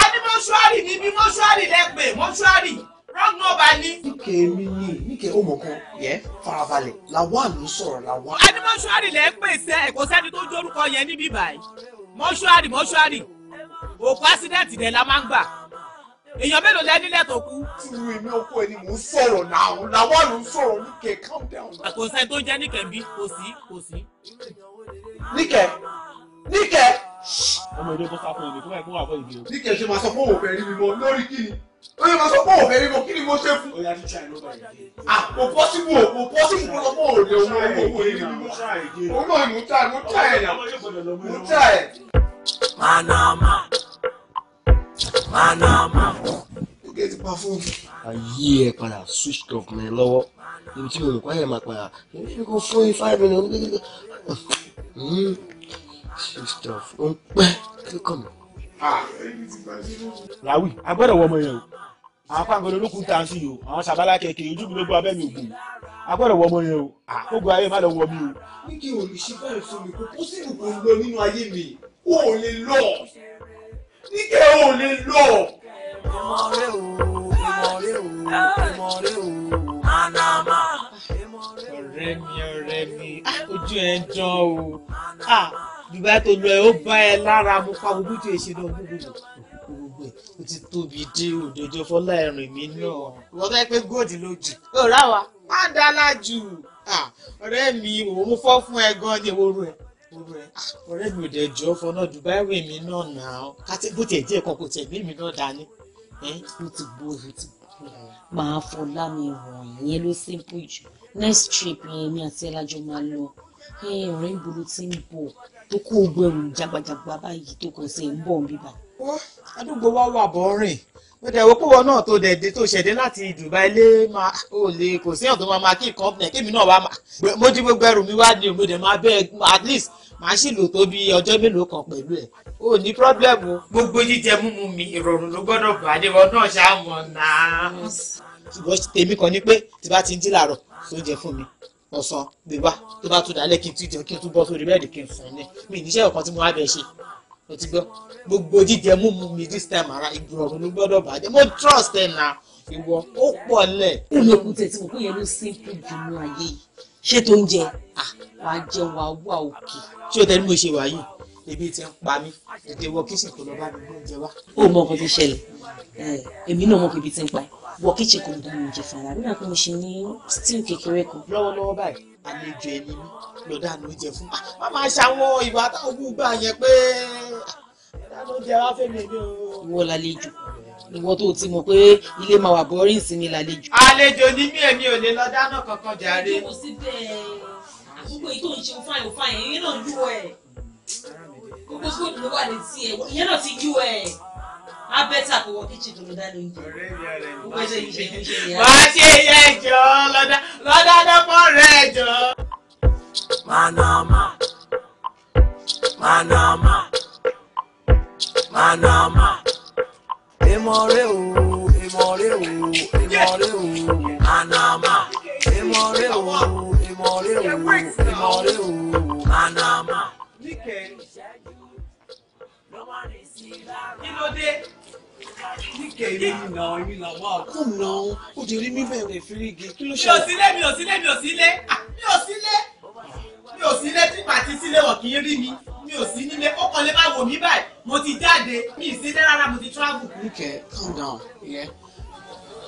a ní mọ́ṣúárì ní mọ́ṣúárì lẹ pè mọ́ṣúárì wrong number ni. níkẹ́ mi ni níkẹ́ ó mọ̀ kan yẹ farabalẹ̀ làwọn àlọ́ sọ̀rọ̀ làwọn. ẹni mọ́ṣúárì lẹ́ ń pèsè ẹ̀kọ́ sẹ́ni tó jórúkọ yẹn níbí báyìí mọ́ṣúárì mọ́ṣúárì òkú ásídẹ̀ǹtì dẹ̀ la máa ń gbà èèyàn mélòó lẹ nílẹ̀ tó kú. tìlú èmi ọkọ ẹni mò ń sọ̀rọ̀ náà làwọn àlọ́ ń sọ̀rọ̀ níkẹ́ calm down. kò sẹ́ni tó jẹ́ níkẹ́ bí kò sí kò sí. níkẹ́ níkẹ́. ọmọ ìdókòsá fún ìdókòsá fún àbọ̀ ìdí o. níkẹ́ ṣe máa sọ fún òun rí mi mọ́ lórí kí ni ó yẹ máa sọ pé òfin nínú kí ni mo ṣe fún. ah kò pọ́sibú o kò pọ́sibú kó lọ pọ̀ òde owó owó yìí ni mo mọ̀ mo ta mo ẹ̀ yà mo ta ẹ̀. manama manama. oge ti pa fóònù. ayé ẹ padà switch off mi lọ́wọ́ ibi tí mo rò pé ẹ máa padà ẹ kò fún yín five minutes. Hmm. switch off ó ń pẹ́ kíkọ́ mi ràwì agbọ́dọ̀ wọ ọmọ yẹn o àwọn pàǹgọ́dọ̀ olókùn tá à ń sìn yìí o àwọn sàbálà kẹ̀kẹ́ ojú mi ló gbọ́ abẹ́mi ògùn agbọ́dọ̀ wọ ọmọ yẹn o àkógun ayé má lọ wọ mi o. ní kí o lè ṣe báyìí fún mi kó kó sí ìlú kò lọ nínú ayé mi o ò lè lọ ní kí o lè lọ. ìmọ̀ọ́rẹ́ o ìmọ̀ọ́rẹ́ o ìmọ̀ọ́rẹ́ o anama. ọ̀rẹ́ mi ọ̀rẹ́ mi ojú ẹ̀ ń o. Dubai tó lọ ẹ ó bá ẹ lára mo fa gbogbo tó ṣe lọ gbogbo gbogbo ẹ o ti tóbi dé òdòdó fọlá ẹrìn mi náà wọ́n fẹ́ pé góòdì ló jù ó rà wá má dára jù ọ̀rẹ́ mi òun fọ́ fún ẹ gan ni òru ẹ òru mi ò dẹ̀ jọ fọnà Dubai wẹ̀ mí náà nà ọ́ kátí bó tiẹ̀ díẹ̀ kan kò tẹ̀ mí mi náà dání ẹ ó ti gbó ó ti gbó. máa fọlá mi wọ̀n ìyẹn ló simple jù next trip yẹn mi àti ẹlájọ máa lọ ọ̀rẹ́ ìgboro ti ń bọ̀ tó kó ogun ẹrù jagbajagba báyìí tó kàn ṣe ń bọ̀ ń bíbá. àdúgbò wa wà bọ́ rìn mo dẹ̀ wo púpọ̀ náà tó dẹ̀ dé tó ṣẹ̀dé láti Dubai lé máa ò lè kò sí ọ̀dọ́ máa máa kí kọ́pìnẹ̀ kémi náà wá máa mo gbogbo ẹrù mi wá ní òun dẹ̀ máa bẹ́ẹ̀ at least màá sì lò tó bí ọjọ́ mélòó kan pẹ̀lú ẹ̀ ò ní problem. o. gbogbo jíjẹ múmu mi ìrọ̀rùn ló gbọ́dọ̀ bá adébọ̀ náà ṣàmọ̀ náà. ṣùgbọ́n tèmi kan ni pé tí bá ti ń jí làárọ̀ tó jẹ fún mi ọ̀sán bèbá tó bá tún dalẹ́ kí n tún kí n tún bọ́ sórí bẹ́ẹ̀dì kí n sùn ní mi níṣẹ́ ọ̀kan tí mo wá bẹ̀ ṣe o ti gbọ́ gbogbo jíjẹ múmu mi this time ara ìgbọ̀rọ̀ mi gbọ́dọ̀ bàjẹ́ mo trust ẹ̀ na ìwọ ó pọ̀ lẹ̀. èmi òkú tẹ̀ mo kún yẹn ló simple jù nínú ayé yìí ṣé tó ń jẹ wàá jẹ wàá wà òkè. ṣé o tẹ́lẹ̀ mo ṣe wà yìí ebi ti ń pa mí ètò ìwọ kí sì kò lọ bá mi lóúnjẹ wá. ó mọ nǹkan tó ṣẹlẹ̀ èmi náà mọ̀ pé ibi ti ń pa ẹ́ wọ kíchì kan dá oúnjẹ fara nígbà pé mo ṣe ní stíl kékeré kan. lọ́wọ́lọ́wọ́ báyìí àlejò ẹni mi ló dáná oúnjẹ fún mi. Ah, má máa ṣàwọn ìwà táwọn gbà yẹn pé ah, dáná oúnjẹ wá fẹ́ mi o. ìwọ lálejò ìwọ tó ti mọ̀ pé ilé máa wà bọ́rí ìsinmi lálejò. àlejò ni mí èmi ò lè lọ dáná kankan jàre. mo sì bẹ àkókò yìí tó ń ìyẹn náà yú ẹ gbogbo gbòdò ló wà létí ẹ ìyẹn abẹ́tà kò wọ kíchìn tó lọ dá lóúnjẹ. ọ̀rẹ́ mi ọ̀rẹ́ mi. gbogbo ẹsẹ̀ ìṣe ìṣe ìyá. wà á ṣe lọ́dá lọ́dá dọ́pọ̀ rẹ̀ ẹjọ́. manama manama manama ìmọ̀ọ́rẹ́ o ìmọ̀ọ́rẹ́ o ìmọ̀ọ́rẹ́ o manama ìmọ̀ọ́rẹ́ o ìmọ̀ọ́rẹ́ o ìmọ̀ọ́rẹ́ o manama. kí ló dé? kẹ́ èmi nà èmi nà wà kò nà ó o jẹ rí mi bẹ̀rẹ̀ fírígì kí ló ṣe. mi ò sílé mi ò sílé mi ò sílé ah, mi ò sílé mi ò sílé tí pàtí sílé wọ̀ kì í rí mi mi ò sí nílé ó kàn lè má wò mí báyìí mo ti jáde mi ì sílé rárá mo ti travel. okay calm down yeah.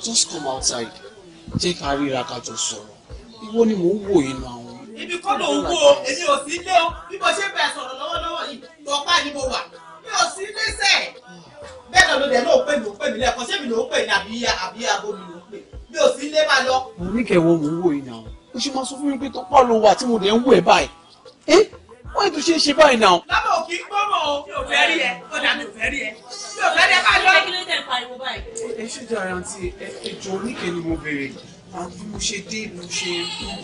just come outside jẹ́ ká ríra ká jọ sọ̀rọ̀ ìwọ ni mò ń wò yín náà ibi kọ́ ló ń wo èmi ò sí ilé o bí mo ṣe bẹ̀ sọ̀rọ̀ lọ́wọ́lọ́wọ́ yìí lọ́pàá ni mo wà mi ò sí lẹ́sẹ̀ bẹ́ẹ̀ náà ló dẹ̀ náà pè mí ò pè mí lẹ́ẹ̀kan ṣé mi ló ń pè ní àbí àbí abo mi ló ń pè mi ò sí lé máa lọ. mo ní kẹ́ wo òun wò yìí náà o ṣe máa sọ fún mi pé tọ́pọ̀ ló wà tí mo dẹ̀ ń wò ẹ́ báyìí ẹ́ wọ́n ètò ṣe é ṣe báyìí náà. lábẹ́ òkì ń gbọ́mọ̀ o mi ò fẹ́ rí ẹ ó dà mi ò fẹ́ rí ẹ mi ò fẹ́ rí ẹ máa lọ. ẹ ṣe jẹ́ àrántí ẹ jọ oníkẹ́ ni mo béèrè àbí mo ṣe dé mo ṣe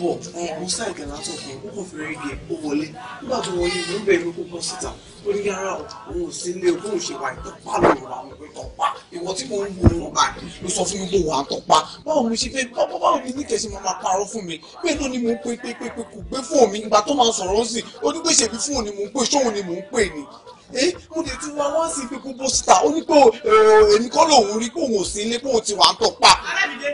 bọ̀ mo sáì gàlá tó kàn ó kàn fẹ́rẹ́ yẹ ó wọlé nígbà tó wọlé mo bẹ̀rẹ̀ mi kó bọ́ síta ó ní rárá òun ò sí ilé òun ò ṣe wà ìtọ́pá lòun wà mọ̀ pé tọ́pá ìwọ tí mo ń wo wọn báyìí ló sọ fún mi pé wà á tọ́pá báwo mo ṣe fẹ́ báwo ni níkẹ́sí mo máa parọ́ fún mi pé náà ni mo ń pè pé pé pé kò gbé fóònù mi ìgbà tó máa sọ̀rọ̀ sí i ó fóònù ni mo ń pè ṣóun ni mo ń pè ni mo lè ti wá wá sí ibi kó bó síta ó ní pé èmi kọ́ lòun rí pé ò sí ilé pé ti wà á tọ́pá. alábìdé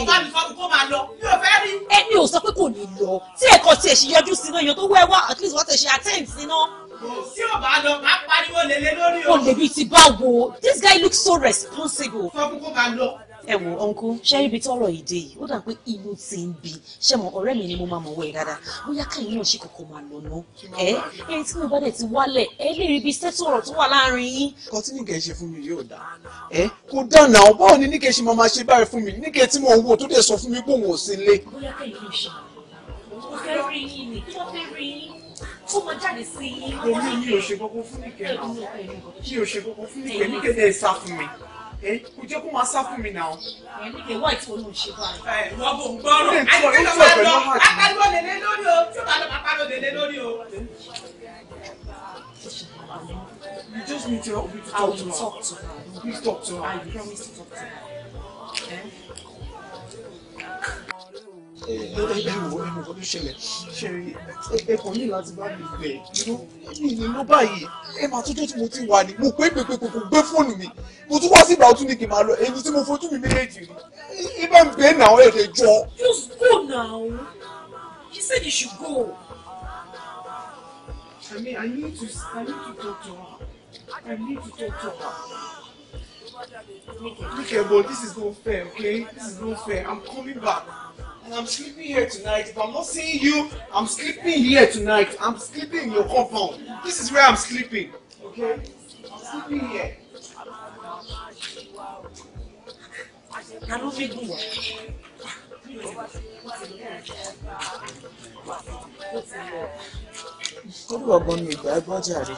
ọ̀gá mi fọ́dún kó máa lọ mi ò fẹ́ rí. ẹni ò sọ pé kò ní lọ tí ẹ̀kọ́ tiẹ̀ ṣe yọjú sí náà èèyàn tó wẹ́ wá at least wọ́n ti ṣe attempt sí náà. tí ò bá lọ máa pariwo lélẹ̀ lórí o. olè bíi ti bá wo this guy looks so responsible. fọ́dún kó máa lọ ẹ wo ọ̀nkú ṣe ibi tọ́rọ̀ èdè yìí ó dà pé inú ti ń bi ṣe mọ ọ̀rẹ́ mi ni mo máa mọ̀wọ́ ẹ̀ dáadáa bóyá káyìn náà ṣe kọ̀kọ̀ máa lọ ná ẹ ẹ tí mo bá dẹ̀ ti wálẹ̀ ẹ lè rí ibi sẹ́tọ̀rọ̀ tó wà láàrin yín. nǹkan tí nìkẹ́ ṣe fún mi yóò dá ẹ kò dáná ọ báwo ni nìkẹ́ ṣe máa ṣe báyìí fún mi nìkẹ́ tí mo wò tó dẹ̀ sọ fún mi pé òun ò sí ilé. bóyá káyìn ṣe ó mọ kò kó máa sá fún mi náà. ẹnìkè wá ìtò olóhùn ṣe bá rẹ. wọ́n bò ń gbọ́rọ̀ àti tó máa lọ apariwo lèlé lórí o tí o bá lọ apariwo lèlé lórí o. You just need to help me to talk to her. Talk to her. Please talk to her. I promise to talk to her. Okay? Eh? ẹ̀wọ̀ Just go now. He said you should go. I mean, I need to, I need to talk to her. I need to talk to her. Look, look, but this is not fair, okay? This is not fair. I'm coming back. And I'm sleeping here tonight. If I'm not seeing you, I'm sleeping here tonight. I'm sleeping in your compound. This is where I'm sleeping. Okay? I'm sleeping here. I don't think you Olúwọ̀gbọ́n mi ìgbà ẹgbọ́n jàre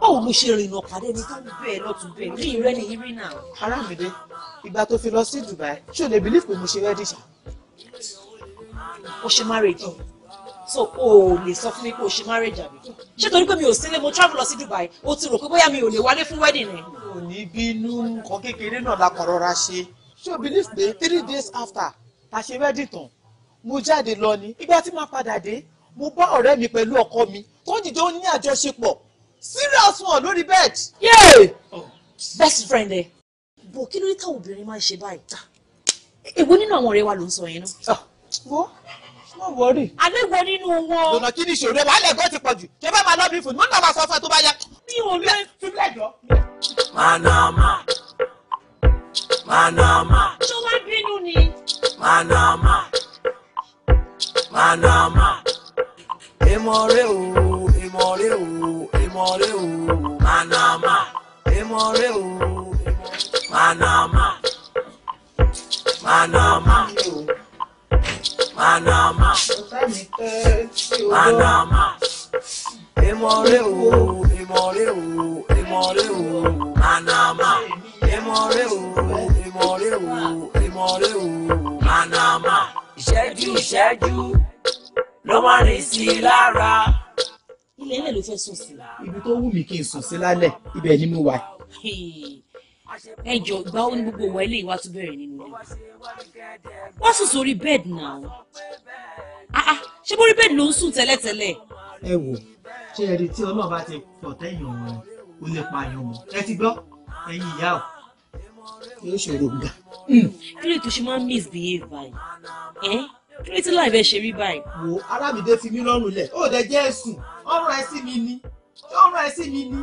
báwo ló ṣe rìnnà pàdé ni tó ń bẹ́ẹ̀ lọ́tún bẹ́ẹ̀ ní ìrẹ́ ni irin náà. Arámidé ìgbà tó fi lọ sí Dubai ṣé o lè believe pé mo ṣe wedding ṣá. o ṣe marriage so o ò lè sọ fún mi pé o ṣe marriage àbí ṣé torí pé mi ò sílé mo travel lọ sí Dubai o ti rò pé bóyá mi ò lè wálé fún wedding rẹ. kò ní bínú nǹkan kékeré náà la kàn rọra ṣe ṣé o believe pé three days after ta ṣe wedding tán mo jáde lọ ni ìgbà tí màá padà dé mo bá ọ̀rẹ́ mi pẹ̀lú ọkọ mi tó dìde ó ní àjọṣepọ̀ serious one lórí bed. yéè best friend ẹ bò kí ló dé táwọn obìnrin máa ń ṣe báyìí. èwo nínú àwọn ọ̀rẹ́ wa ló ń sọ yẹn náà. wọ́n wọ́n wọ́ọ̀rì. àlẹ́ wo nínú wọn. lọ́nà kí ni ìṣòro ẹ̀ wàhálà ẹ̀gbọ́n ti pọ̀ ṣé bẹ́ẹ̀ máa lọ́ọ́ fún mi mọ́tò máa sọ fún ẹ tó bá yá. mi ò lè fílẹ̀ jọ. manama manama. ṣó wá bínú ni. manama manama. èmọ̀ rẹ̀ o èmọ̀ rẹ̀ o emore o manama emore o manama manama manama manama emore o emore o emore o manama emore o emore o emore o manama ìṣẹ́jú ìṣẹ́jú ló máa rìn sí i lára ilé ilé ló fẹ́ sùn sí. ibi tó wù mí kí n sùn sí lálẹ́ ibẹ̀ ni mo wà. ẹ jọ ìgbà ó ní gbogbo ìwà ilé ìwà tó bẹ̀rẹ̀ nínú ilé wọ́n sùn sórí bẹ́ẹ̀dì náà ah, ah, ṣé bórí bẹ́ẹ̀dì ló ń sùn tẹ́lẹ̀tẹ́lẹ̀. ẹ wò ṣé ẹ rí tí ọlọ́run bá ti pọ̀ tẹ́yìn ọ̀run ó lè pa àyàn wọn ẹ ti gbọ́ ẹ̀yin ìyá o yóò ṣòro gbà. Hmm, kí ló tó ṣe máa ń misbehave báyìí kí ló tí láì fẹ́ ṣe rí báyìí. wo arábìdé fi mí lọ́rùn lẹ̀ ó dẹ jẹ́ ẹ̀sùn ọ̀rọ̀ ẹ sí mi ni ọ̀rọ̀ ẹ sí mi ni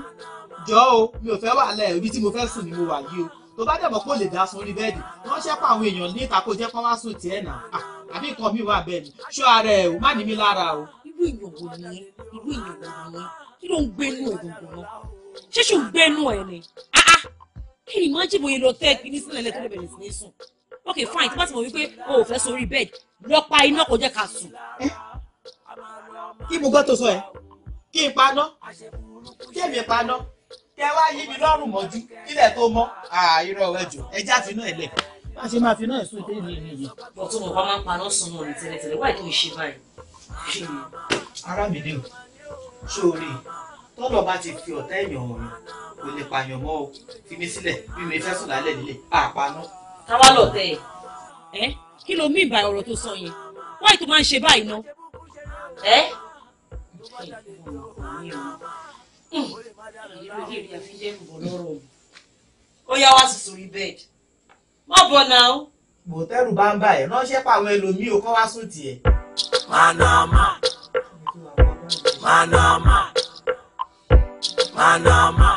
jọ o mi ò fẹ́ wà lẹ́ẹ̀ ibi tí mo fẹ́ sùn ni mo wà yìí o tó bá dẹ̀bọ̀ kó lè dá sun orí bẹ́ẹ̀dì wọ́n ṣẹ́pọ̀ àwọn èèyàn ní ìtàkó jẹ́ kán wá sùn tiẹ̀ nà àbí nǹkan mi wà bẹ́ẹ̀ ni ṣọ́ ara ẹ̀ o má ní mi lára o. irú ìyàwó nìyẹn irú ìyàwó nìyẹn kí ló ń gbénú ògùngùn náà ṣé ṣùgbọ́n gbénú ẹ̀ ni ah, ah. kí ni máa ń jìbò yẹn lọ tẹ́ kí ní sílẹ̀ lẹ́tọ́ bẹ̀rẹ̀ sí ní sùn ok fine tí wọ́n ti mọ̀ wípé o ò fẹ́ sórí bẹ́ẹ̀dì lọ pa iná kò jẹ́ ká sùn. kí kí n paná kí èmi paná kẹ wá yí mi lọ́rùn mọ́jú kílẹ̀ tó mọ́ àìrọ̀ ẹ̀jọ̀ ẹja finú ẹ̀ lẹ̀ bá a ṣe máa finú ẹ̀ sùn dé ní ìlú yìí. mo tún mọ̀ bá máa ń paná sùn mọ́ mi tẹ́lẹ̀tẹ́lẹ̀ wáyé tó ń ṣe báyìí. ara mi dé o sórí tọ́lọ̀ bá ti fi ọ̀tá èèyàn wọ̀nyí kò lè pààyàn mọ́ o fi mi sílẹ̀ bí mi fẹ́ sùn lálẹ́ nílé àpaná. táwa lọ tẹ ẹ kí ló mí ìbà ọ̀rọ̀ tó sọ yẹn wáyé tó máa ń ṣe báyìí ná. ẹ ó yá wá sùn sórí bẹ́ẹ̀dì má bọ̀ náà. bòtẹ́rù bá ń bá ẹ̀ ránṣẹ́ pa àwọn ẹlòmíì ò kọ́ wá sùn tiẹ̀. manama manama manama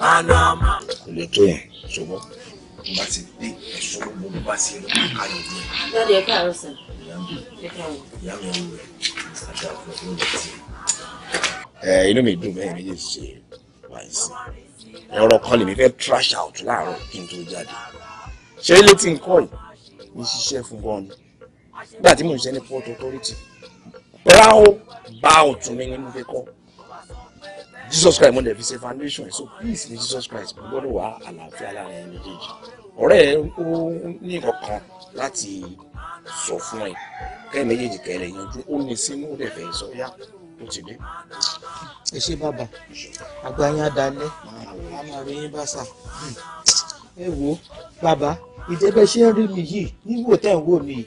manama. kò lè tó yẹn ṣùgbọ́n bá ti dé ẹ̀ṣọ́ gbogbo bá ti rí ayọ̀ díẹ̀. lọ́dọ̀ ẹ̀ka àròsàn. ìyá mi ìyá mi ò rẹ̀ ẹ inú mi dùn bẹ́ẹ̀ méjèèjì ṣe wà ní sí ẹ̀rọ kan lèmi fẹ́ trash out láàárọ̀ kí n tó jáde ṣé ilé tí n kọ́ yìí ní ṣiṣẹ́ fún gan ni nígbà tí mò ń ṣe ní port authority brown bá òtún mi nínú kíkọ́ jesus christ mo dẹ̀ fi ṣe foundation so peace ni jesus christ mo gbọ́dọ̀ wá àlàáfíà láàrin méjèèjì ọ̀rẹ́ ẹ̀ ó ní ọkàn láti sọ fún ẹ kẹ́ẹ̀ méjèèjì kẹ́ẹ̀rẹ̀ yanjú ó ní sínú rẹ̀ fẹ́ sọ yá ó ti dé. ẹ ṣe bàbá àgbà yín adalẹ a máa rí yín bá sà ẹ wo bàbá ìdẹ́bẹ̀ ṣe ń rí mi yìí níwò tẹ̀ ń wò mí yìí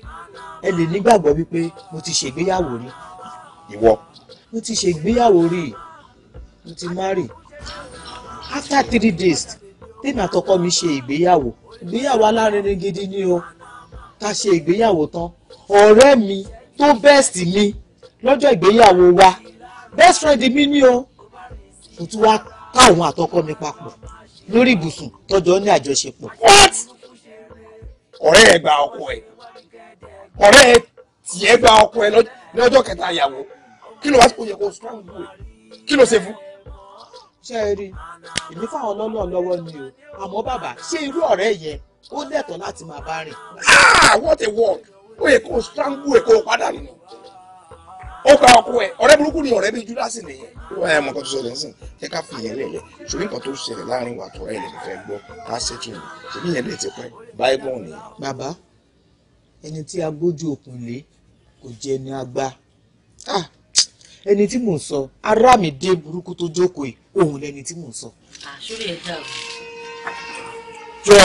ẹ lè nígbàgbọ́ wípé mo ti ṣègbéyàwó rí. ìwọ. mo ti ṣègbéyàwó rí mo ti marry after three days tèmi àtọkọ mi ṣe ìgbéyàwó ìgbéyàwó alárinrin gidi ni o ká ṣe ìgbéyàwó tán ọ̀rẹ́ mi tó best mi lọ́jọ́ ìgbéyàwó wa best friend mi ni o kò tún wá káwọn àtọkọ mi papọ̀ lórí ibùsùn tọ́jọ́ ní àjọṣepọ̀. what ọ̀rẹ́ ẹ gba ọkọ ẹ ọ̀rẹ́ ẹ tiẹ̀ gba ọkọ ẹ lọ́jọ́ kẹta ìyàwó kí ló wá sí kò yẹ kó strong bú ẹ kí ló ṣe fún. ṣé ẹ rí i èmi fáwọn ọlọ́lọ́ lọ́wọ́ ni o àmọ́ bàbá ṣé irú ọ̀rẹ́ yẹn ó lẹ́tọ̀ọ́ láti máa bá rìn. Ah, what a work! ó yẹ kó strangle èkó padànù ó ka ọkọ ẹ ọ̀rẹ́ burúkú ni ọ̀rẹ́ bí júdásì nìyẹn. wọ́n yà mọ́ nǹkan tó ṣẹlẹ̀ ń sìn kí ká fi yẹn lẹ̀lẹ̀ ṣùgbọ́n nǹkan tó ṣẹlẹ̀ láàrin wa tọ̀rẹ́ ẹ̀ lè fẹ́ gbọ́ ká ṣètò ẹ̀ ṣèbí yẹn lè ti pẹ́ báíbọ̀n nìyẹn. bàbá ẹni tí a gbójú òkun lé kò jẹ ẹni àgbà ah, ẹni tí mò ń sọ ará mi dé burúkú tó jókòó òun lẹni tí mò ń sọ. àṣírí ẹ̀ dàrú. jọ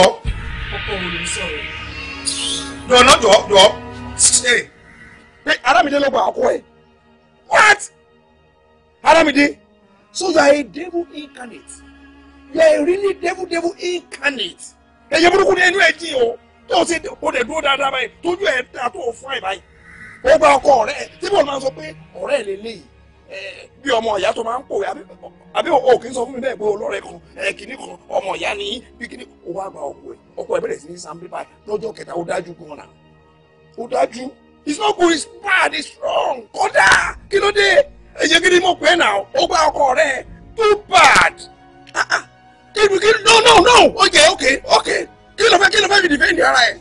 No, wo ló ń Hey, hey, dọ̀nà jọ jọ ṣe pé Aramide ló gba ọkọ what Aramide so you are a devil incarnate you are a really devil devil incarnate ẹyẹ burúkú ni ẹnu ẹ jí o tó o say o dẹ̀ dúró that báyìí tójú ẹ̀ ta tó o fún ẹ báyìí ó gba ọkọ ọ̀rẹ́ ẹ tí mo máa sọ pé ọ̀rẹ́ ẹ bí ọmọ ìyá tó máa ń pòwe àbí o kì í sọ fún mi bẹ́ẹ̀ pé olóore kan kìíní kan ọmọ ìyá ni bí kìíní o wá gba ọkọ ẹ ọkọ ẹ bẹ̀rẹ̀ sí ní sandpaper lọ́jọ́ kẹta ó dájú gan na ó dájú it's not good it's bad it's wrong kódà kí ló dé èyí gidi mo pè é nà ó gba ọkọ rẹ too bad ah, ah. kí ni kí no no no ó jẹ ok ok kí ló fẹ́ kí ló fẹ́ fi defend ara ẹ.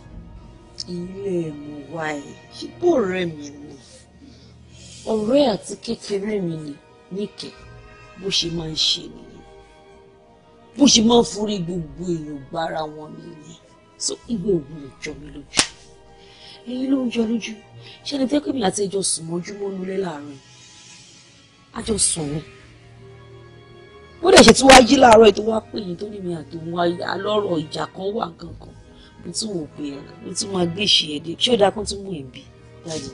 ilé mi wá ẹ ṣùgbọ́n ọ̀rẹ́ mi ni ọ̀rẹ́ àti kékeré mi ni níkẹ́ bó ṣe máa ń ṣe nìyẹn bó ṣe máa ń forí gbogbo èèyàn gbára wọn nìyẹn so ìgbé ògùn ìjọ mi lójú èyí ló ń jọ lójú ṣé ni tẹ́kùnmí àti ìjọ sùn mọ́júmọ́ nulẹ̀ láàrin àjọ sùn ni bó dẹ̀ ṣe tí wàá jí láàárọ̀ ètò wàá pè yín tó ní mi àtòun alọ́rọ̀ ìjà kan wà gangan mo tún wò pé mo tún máa gbé ìṣe ẹ̀ dé ṣé ó dáa kó tún mú ẹ̀ bí dájú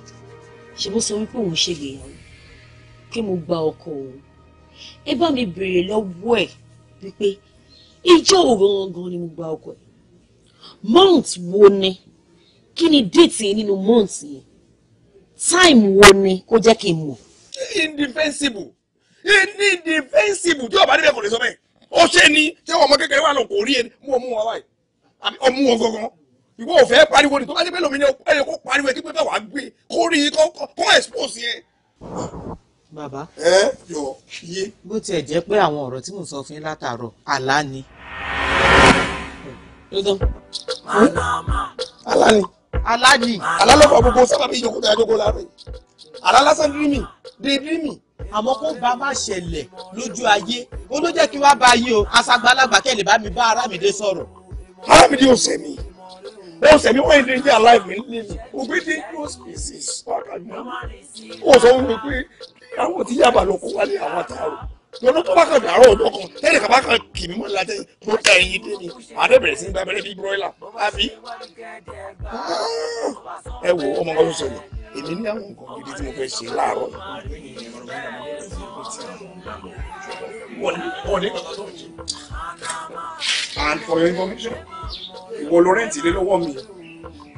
ṣe bó sọ wípé òun ṣègbéyàwó pé mo gba ọkọ òun ẹ bá mi béèrè lọ́wọ́ ẹ̀ wípé ìjọ wo ni mo gba ọkọ ẹ̀ month wo ni kí ni déètì yẹn nínú month yẹn time wo ni kó jẹ́ kí n mọ̀. indefensible indefensible tí o bá níbẹ̀ kò lè sọ bẹ́ẹ̀ ó ṣe ni tí àwọn ọmọ kékeré wà lọ kò rí ẹni mú ọmú wa wáyé ọmú wọn gangan ìwọ ò fẹ́ pariwo ni tó bá jẹ́ pé lómi ni ẹ̀yẹ kó pariwo kí pépé wàá gbé kó rí i kó expose yẹn. bàbá ẹ yọ iye. bó tiẹ̀ jẹ́ pé àwọn ọ̀rọ̀ tí mo sọ fún yín látàárọ̀ àlá ni. àlá ni. àlá ni. àlá ló fọ gbogbo sábà bí ìjókòó tó yàjókò láàrin àlá lásán dírímì dírímì. àmọ́ kó bá má ṣẹlẹ̀ lójú ayé ó kí wá bá yí o aṣàgbàlagbà kẹ́lẹ̀ bá mi bá Arámidé sọ̀rọ̀. Arámidé ò sẹ́mi. Those anyone in their life will live will be dangerous species. Wọ́n sọ wípé pé àwọn tí yàbá ló kó wálé àwọn àtàrò. Lọ́dún tó bá kàn dàárọ̀ ọjọ́ kan, tẹ́lẹ̀ kan bá kàn kì mí mọ́ láti mo da ẹyin dé ni. Àdébẹ̀rẹ̀ sí ń dábẹ́rẹ́ bí bírọ́ìlà, àbí? Ẹ wo ọmọ kan tó sọ̀rọ̀, èmi ní àwọn nǹkan gidi tí mo fẹ́ ṣe láàárọ̀ ọ̀nì kàtà tó ń ṣe. and for your information ìwọ ló rẹ́ǹtì lé lọ́wọ́ mi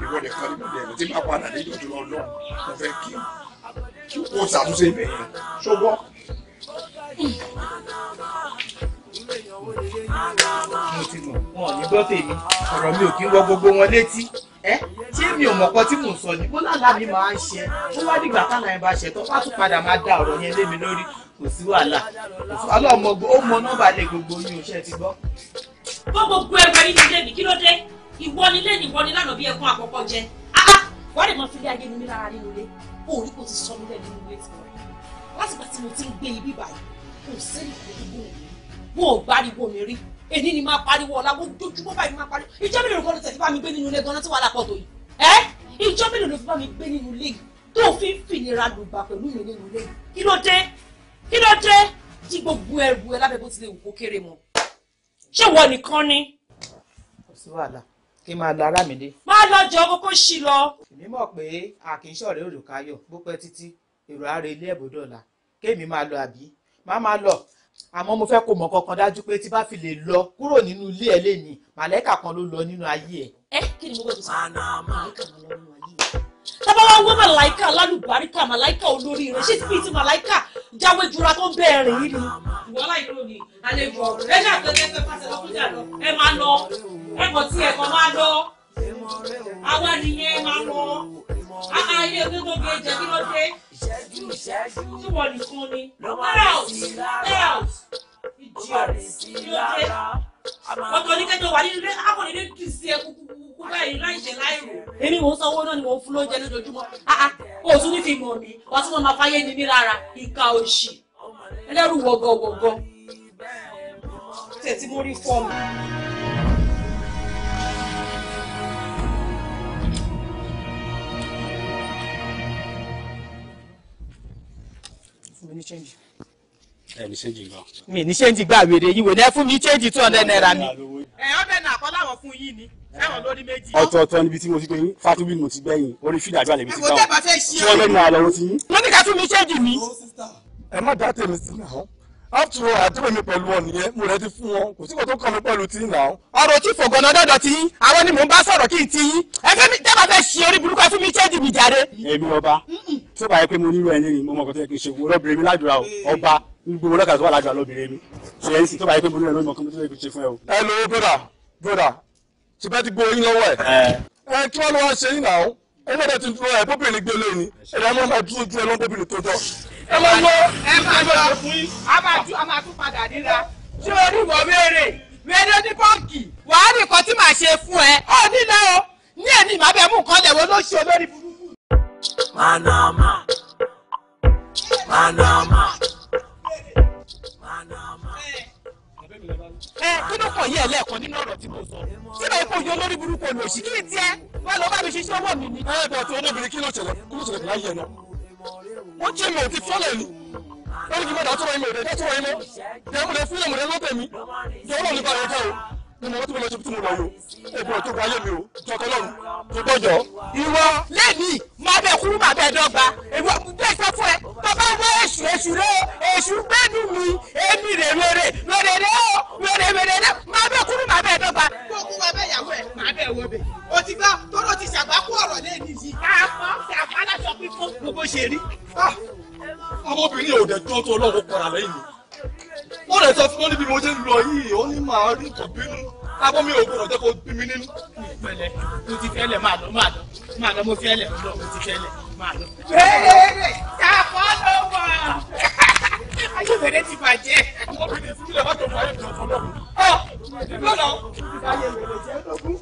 ìwọ nìkan nínú ìdẹ̀rù tí máa padà ní ìdọ̀dọ̀ ọlọ́run mo fẹ́ kí o ṣàtúnṣe ibẹ̀ yẹn ṣọgbọ́n. mo ti mọ̀ wọn ò ní gbọ́ tèmi ọ̀rọ̀ mi ò kí ń wọ gbogbo wọn létí ẹ ṣé mi ò mọ̀kọ́ tí mò ń sọ ni bó lálàá mi máa ń ṣe ó wá dìgbà táwọn ẹ̀ bá ṣe tó bá tún padà máa da ọ̀rọ̀ yẹn lé mi lórí kò sí wàhálà ọlọ́mọ ó mọ nọ́mbà lè gbogbo yín o ṣe ti gbọ́. bó gbogbo ẹgbẹ́ yín ló débi kí ló dé ìwọ ni lé nìwọ ni lánàá bí ẹkún àkọ́kọ́ jẹ wọ́n lè mọ fílẹ̀ ayé mi lára nínú ilé òòrí kò ti sọ mi lẹ́nu ìwé ti wọ̀ láti tí mo ti ń gbé ibi báyìí kò sẹ́ni kò dúró wọn ò gbáriwo mi rí èyí ni máa pariwo ọ̀la ojoojúmọ́ báyìí máa pariwo ìjọ mélòó kọ́ ló tẹ̀sí bá mi gbé nínú ilé gan-an tí wàá lápọ̀ tó yìí ẹ́ mélòó ló fi bá mi gbé nínú ilé yìí tó fi ń fìnira lùgbà pẹ̀lú mi nínú ilé yìí kí ló dé kí ló dé tí gbogbo ẹrù ẹ lábẹ́ bó ti lè wù kó kéré mọ́ ṣé ìwọ nìkan ni. kò sí wàhálà kí n máa lọ Àràmídé. má lọ jọ kókó sí lọ. èmi mọ̀ pé àkínṣọ̀rẹ́ òrùkayọ̀ bó pẹ́ títí èrò ààrẹ ilé ẹ̀bùdó ọ̀la kémi máa lọ àbí má máa lọ àmọ́ mo fẹ́ kó mọ̀ kankan dájú pé tí bá fi lè lọ kúrò nínú ilé ẹ lẹ́ni màlẹ́kà kan ló lọ nínú ayé ẹ. ẹ kí ni mo gbọ́dọ̀ sọ. àná máa kàn lọ nínú ayé ẹ tábà wá wá màláìka alálùbáríkà màláìka olórí rẹ ṣé tíbi ti màláìka jáwé jura tó ń bẹ̀rẹ̀ yìí ni. ìwọ́lá ìlú ni àlejò ọ̀rọ̀ ẹ ṣáà tẹ̀lé ẹgbẹ́ pàṣẹ lọ́kùnjà lọ ẹ máa lọ ẹ kàn tí ẹ kàn máa lọ àwa nìyẹn máa lọ àkàyè gbogbo gbé jẹ kí ló dé tí wọ́n nìkan ni. look out Get out ìjì ọ̀rẹ́ kí ló dé ọ̀tọ̀ ní kẹjọ wà nílé akọni ní kì í sí ẹkú kúkú báyìí láìṣẹ̀ láìrò èmi mò ń sanwó náà ni mò fún lóúnjẹ lójoojúmọ́ ah, ah, o tún ní fi mọ̀ mí wọ́n tún máa fáyé ni mí lára ìka òṣì ẹlẹ́rù wọ̀gọ̀wọ̀gọ̀ tẹ̀sí mo fọ́ọ̀mù. Let me change ẹ ní ṣéǹjì gbà. mi ní ṣéǹjì gbà wèrè yìí wò ní ẹ fún mi ṣéǹjì two hundred naira ni. ẹ ọbẹ̀ náà kọ́ láwọ̀ fún yìí ni ẹ̀wọ̀n lórí méjì. ọ̀tọ̀ ọ̀tọ̀ níbi tí mo ti pé yín fatubi mo ti gbẹ̀yìn orí fídà àjọ àlẹ́bí ti gbà wọ́n tí wọ́n lẹ́nu àlọ́ wọn ti yín. mo ní ká tún mi ṣéǹjì mi. ẹ má dá tèmi sí náà after all àdúrà mi pẹ̀lú ọ nìyẹn mo rẹ ti fún wọn kò sí kò tó kàn mí pẹ̀lú tí náà. ọ̀rọ̀ tí fògànà dọ̀dọ̀ ti yín àwọn ni mò ń bá sọ̀rọ̀ kí n ti yín ẹ fẹ́ mi dábàá fẹ́ ṣe orí burúkú ẹ fún mi ṣéǹjì mi jàre. èmi ọba tí ó bá yẹ pé mo nílò ẹni ni mo mọ̀ kó tó kí n ṣe wúrọ̀ bèrè mi ládùúrà ọba gbogbo ọlọ́kà tó wà lájọ alóbìnrin mi ṣe é sì tó bá pé mo ní ẹ̀rọ ìmọ̀ kan tó lè fi ṣe fún ẹ o. ẹ lo broda broda ti bẹ́ẹ̀ ti gbó yín lọ́wọ́ ẹ̀. ẹ kí wọ́n lọ wá ṣe yín náà ẹ gbọ́dọ̀ ti dúró ẹ bóbìnrin gbé lé ẹ lọ́mọ máa dúró ju ẹ lọ́mọ tó jọ. ẹ máa lọ ẹ máa lọ a máa tún a máa tún padà níra ṣé o ní wọ́n béèrè mẹ́rin ní bọ́ǹkì wàá nìkan tí màá ṣe fún ẹ ọ nílẹ o ní èmi manama manama. ẹ kí ló lẹ́ẹ̀kan nínú ọ̀rọ̀ tí mo sọ síbẹ̀ ipò yọ lórí burúkú olùsí kí ni tiẹ̀ wọ́n lọ bá mi ṣiṣẹ́ ọwọ́ mi ni. ẹ bọ̀ tí olóbìnrin kí ló ṣẹlẹ̀ kí ló ṣẹlẹ̀ láyé ẹ wọ́n jẹ́ mi ò ti fọ́lẹ̀ ni wọ́n ní kí n bá dàtúrọ̀ yín mọ̀ dàtúrọ̀ yín mọ́ dẹ́kun lè fílẹ̀ mọ̀ dẹ́kun tẹ̀mí yọ̀ọ́ lọ́ọ̀ nípa rẹ̀ nínú ọtí mo lọ ṣe tí mo lọ yò ẹ̀bùn ọ̀tún wáyé mi o tọkọlọ́run tó gbọ́jọ́. ìwọ lẹ́mìí máa bẹ kúrú máa bẹ dọ́gba ìwọ bẹ́ẹ̀ sọ fún ẹ bàbá wọ èṣù èṣù rẹ èṣù gbẹ́nu mi èmi rè wèrè wèrè rẹ o wèrè wèrè rẹ máa bẹ kúrú máa bẹ dọ́gba. kó kú wa bẹ yàwó ẹ máa bẹ wọ bẹ o ti gbọ́ tóró ti ṣàgbákú ọ̀rọ̀ lẹ́ni yìí. àpọ̀ ṣàfàlà sọ pé fún gbogbo ṣe rí. Ah, ọmọbìnrin ò dẹ̀ tó tó ọlọ́run kọ̀ọ̀rọ̀ ó lè sọ fún wọn níbi mo ṣe ń lọ yìí ó ní màá rí kò bínú abọ́ mi ò gbọ́dọ̀ jẹ́ kó bí mi nínú. ìpẹ̀lẹ́ mo ti fẹ́lẹ̀ máa lọ máa lọ máa lọ mo fẹ́lẹ̀ lọ mo ti fẹ́lẹ̀ máa lọ. bẹ́ẹ̀ ṣàpọ̀ ló wà ayé bẹ̀rẹ̀ ti bàjẹ́. ọmọbìnrin sílẹ̀ bá tó fọ ayé bẹ̀rẹ̀ fọlọ́. ọ ìgbọ́dọ̀ ayé bẹ̀rẹ̀ jẹ́ lógún.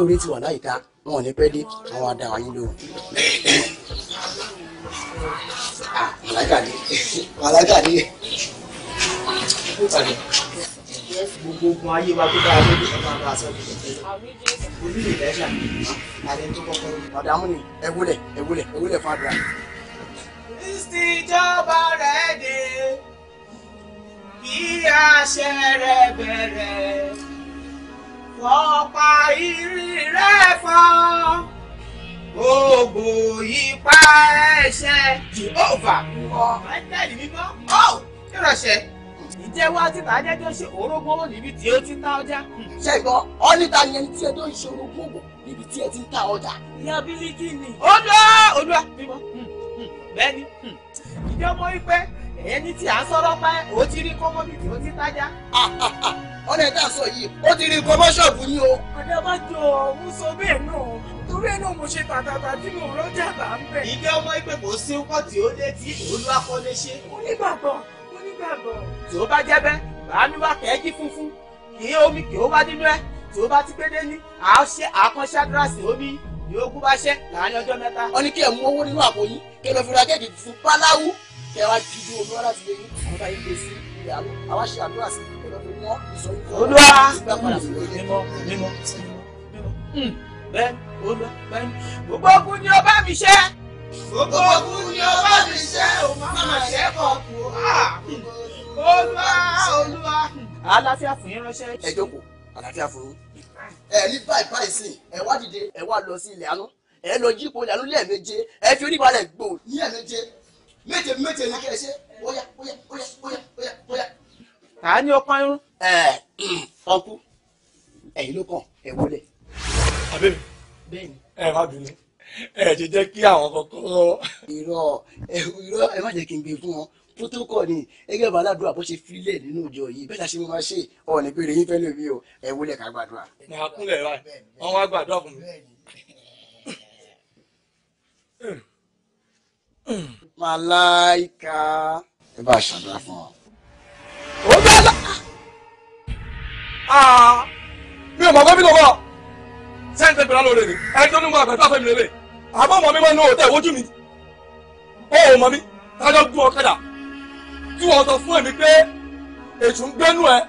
lórí ti wà láyìíká wọn ò ní pẹ́ dé wọn wá wa yín lóhùn. Ah, màláìka dé gbogbo ayé wa tó dára lórí ọba àgbà àṣọ orí ìlẹ̀ ṣà àlẹ́ tó kọ́kọ́. màdàmú ni ẹ wúlẹ̀ ẹ wúlẹ̀ ẹ wúlẹ̀ fàdúrà. ìsìnjọba rẹ̀ dé bí àṣẹ rẹ̀ bẹ̀rẹ̀ fọ̀pá ìrì rẹ̀ fọ́ ògbò ipa ẹ̀ṣẹ̀ jehova ọ bẹ́ẹ̀ni mímọ́ ọ kírọ̀ṣẹ́ ìjẹ́wọ́ àti tàájẹ́jọ́ ṣe orógbó níbi tí ó ti ń ta ọjà. ṣẹ́gbọ́n ọ́nìta ni ẹni tí ẹ tó ń ṣe orógbó wò níbi tí ẹ ti ń ta ọjà. ìyá bílíkì ni. olúwa olúwa bímọ hmm, hmm, hmm, bẹ́ẹ̀ni ìjọba ìpẹ́ ẹni tí a sọ̀rọ̀ pé ó ti rí kọ́mọ́bìtì ó ti tájá. [LAUGHS] ọ̀rẹ́ dà sọ yìí ó ti rí kọ́mọ́ṣọ́ọ̀bù yín o. àdàbàjọ mo sọ bẹ́ẹ̀ náà torí ẹ̀ náà mo ṣe tàtàtà tí mo rọ́jà bá ń bẹ̀. ìdí ọmọ ìpè kò sí ń pọ̀ tí ó dé tí òun akọ́lé ṣe. onígbàgbọ́ onígbàgbọ́. tí ó bá jẹ́ bẹ́ẹ̀ bàá mi wá kẹ́ẹ́jì funfun kì í omi kì ó wá nínú ẹ̀ tí ó bá ti pé dé ní àáṣe àkànṣe àdúrásì omi ọjọ́ mẹ́ta. ó ní kí ẹ̀ mú owó nínú àpò yín kí ẹ lọ fi ra kéèkì fún páláwú ẹ wá dúdú omi wá láti lè ní ọba yìí lè sí ìyàwó àwa ṣe àdúrà sí ìpẹ̀lẹ́ fún wọn ìsọyún. olúwa mímọ́ mímọ́ hmm, bẹ́ẹ̀ olúwa bẹ́ẹ̀ gbogbo ogun ni ọba mi ṣe. gbogbo ogun ni ọba mi ṣe òun máa ṣe kọ̀ kù ah! olúwa olúwa. àlàáfíà fún yín ránṣẹ́. ẹ jókòó àlàáfíà fún yín. ẹ ní báyìí báyìí sìn ẹ wá dìde ẹ wá lọ sí ilẹ̀ àánú ẹ lọ jí ipò ìlànà lẹ́ẹ̀méje ẹ fi oníbalẹ̀ gbò ní ẹ̀méje méje méje ní kẹrẹ ṣe óyá óyá óyá óyá óyá óyá. ta ni ọpọ irun. ẹ ọkú ẹ̀yin ló kàn ẹ wọlé. àbẹ́mi bẹ́ẹ̀ni ẹ má bínú ẹ ti jẹ́ kí àwọn kọ̀ọ̀kan. irọ́ irọ́ ẹ má jẹ́ kí n gbé fún wọn protocol ni ẹgbẹ́ baládùúrà bó ṣe filẹ̀ nínú ìjọ yìí bẹ́ẹ̀ ṣe mo máa ṣe ọ̀nà ìbéèrè yín fẹ́ẹ́ lómi o ẹ wọlé ká gbàdúrà. màá kúnlẹ̀ báyìí wọ́n wá gbàdúrà fún mi. [LAUGHS] màláìka ẹ bá ṣàdúrà fún ọ. ó bẹ́ẹ̀ lọ. Ah, mi ò mọ gómìnà bọ̀ sẹ́ńtẹ̀ bìrà lóore ni ẹni tó ní wọn àgbẹ̀fẹ́ fẹ́mi lélẹ̀ àbọ̀ mọ̀ mi máa ń náwó tẹ̀ wojú mi ó ò mọ̀ mi tájọ́ gún ọ̀kadà tí wọ́n sọ fún ẹ̀mí pé èṣù ń gbẹ́nu ẹ̀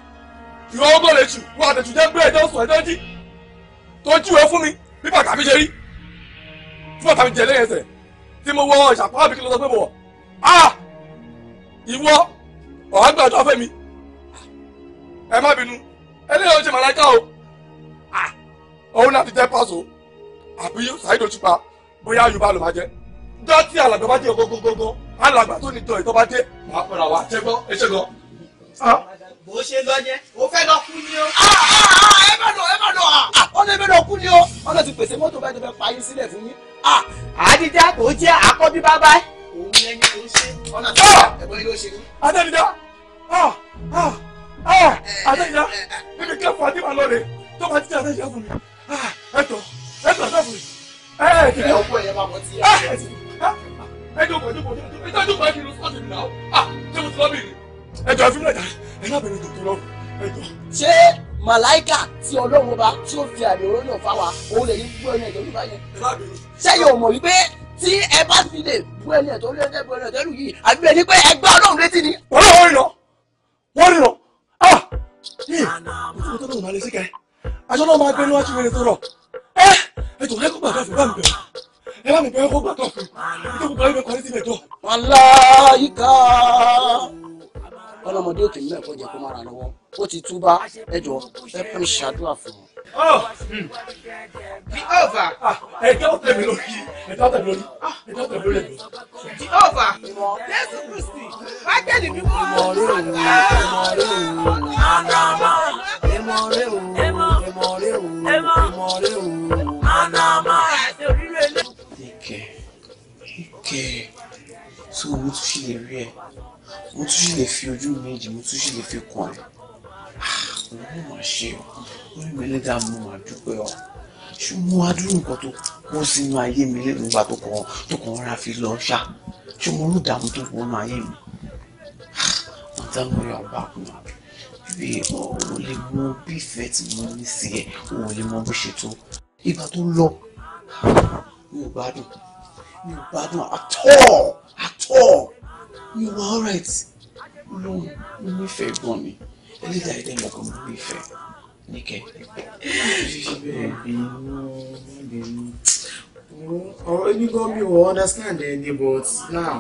ìwọ ọgọ́ lè ṣù wọ́n àtẹ̀ṣù jẹ́ gbé ẹjọ́ sùn ẹjọ́ jí tó jíwèé fún mi bí bàtà mi ṣe rí bí bàtà mi jẹ lẹ́yìn ẹsẹ̀ tí mo wọ ìṣàpá kí ló sọ pé mo wọ̀ ah ìwọ ọ̀hán gbàdúrà fẹ́mi ẹ má bínú eléyìí ó ṣe màláìka o òun náà ti jẹ́ pàṣọ àbí ṣáìdò ṣùpá bóyá yorùbá ló máa jẹ́ dọ́tí alàgbà bá jẹ́ gógógógó alàgbà tó ní jọ ìtọ́ bá dé wàá padà wá ṣẹ́gbọ́ ẹṣẹ́gbọ́. bó ṣe lọ yẹn o fẹ́ lọ kú ni o. ẹ má lọ ẹ má lọ ọ lè bẹ lọ kú ni o. ọlọ́ọ̀ pèsè mọ́tò bá ti fẹ́ fà yín sílẹ̀ fún yín àdìjá kò jẹ́ àkọ́bí bábá ẹ̀. òun lẹni tó ń ṣe ọ̀nà tó wà ẹ̀gbọ́n ilé òṣèlú. adédìjá adédìjá níbi kí ẹ̀fọ́ adéwà lọ́ọ̀rẹ́ tó bá títí adédìjá fún mi ẹ̀tọ́ ẹ̀tọ́ ẹ̀tọ́ fún mi. ẹ̀ ọkọ ẹ̀yẹ máa bọ̀ tí ẹ̀ ẹ̀ ẹ̀ jókòó jókòó jókòó jókòó ẹ̀ kì í lọ sọ́ọ̀tì mi náà ah jẹ́ mo ti lọ́ bìrì. ẹ̀jọ̀ ẹ̀ fi mílẹ̀ dá ẹ̀ náà bẹ̀rẹ̀ jòkó lọ́rùn ẹ̀jọ̀. ṣé màláìkà tí ọlọ́run ọba tí ó fi àmì òróró náà fá wa òun lè ní gbé ẹni ẹ̀jẹ̀ olúwa yẹn. sẹ́yìn ò mọ̀ wípé tí ẹ bá fi lè gbé ẹni ẹ̀jẹ̀ olúwa yẹn gbé ẹni ẹ̀jẹ̀ olúwa yìí àbí ẹni pé ẹgbẹ́ ọlọ́run létí ni. wọ́n rìn lọ wọ́n rìn lọ ah ìfowó tó lóun máa lè sí kẹ́ aṣọ náà máa gbé níwájú rere tó rọ̀ eh! ẹ ẹ jọ̀wọ́ ẹ kó gbàgbà fún bá mi bẹ̀rẹ̀ ẹ bá mi bẹ̀rẹ̀ kó gbàgbà fún mi tó gbàgbà fún mi kọ́ ọlọ́mọdé òkè mímẹ́ kọjá kó mára lọ́wọ́ ó ti túbá ẹjọ́ ẹ pín ṣàdúrà fún un. oh hmm. the over. Ah, ẹjọ́ tẹ̀ mí lórí ẹjọ́ tẹ̀ mí lórí ah. ẹjọ́ tẹ̀ mí lórí ẹjọ́. the jésù kristi májèlé mímọ́. ìmọ̀ rẹ̀ òun ìmọ̀ rẹ̀ òun ìmọ̀ rẹ̀ òun. tún ṣì lè rí ẹ mo tún ṣì lè fi ojú méjì mo tún ṣì lè fi kàn ẹ olórí mà ṣe ọ olórí mi lẹ́dàá mo mà dúpẹ́ ọ ṣùgbọ́n adúrú nǹkan tó kó sínú ayé mi lẹ́nu ìgbà tó kàn tó kàn ra fi lọ ṣá ṣùgbọ́n olùdààmú tó kàn nínú ayé mi wọ́n ah, dá mo yọ ọba kùnà bí o lè mọ bí ìfẹ́ tí mo ní sí ẹ o lè mọ bó ṣe tó ìgbà tó lọ mi ò gbádùn mi ò gbádùn at all before you were alright No, mo nífẹ̀ẹ́ gan ni ẹlẹ́dàá ẹ̀dẹ́ mi kan mo nífẹ̀ẹ́ níkẹ́. ọ̀rọ̀ ẹni gan mi ò understand ẹni but now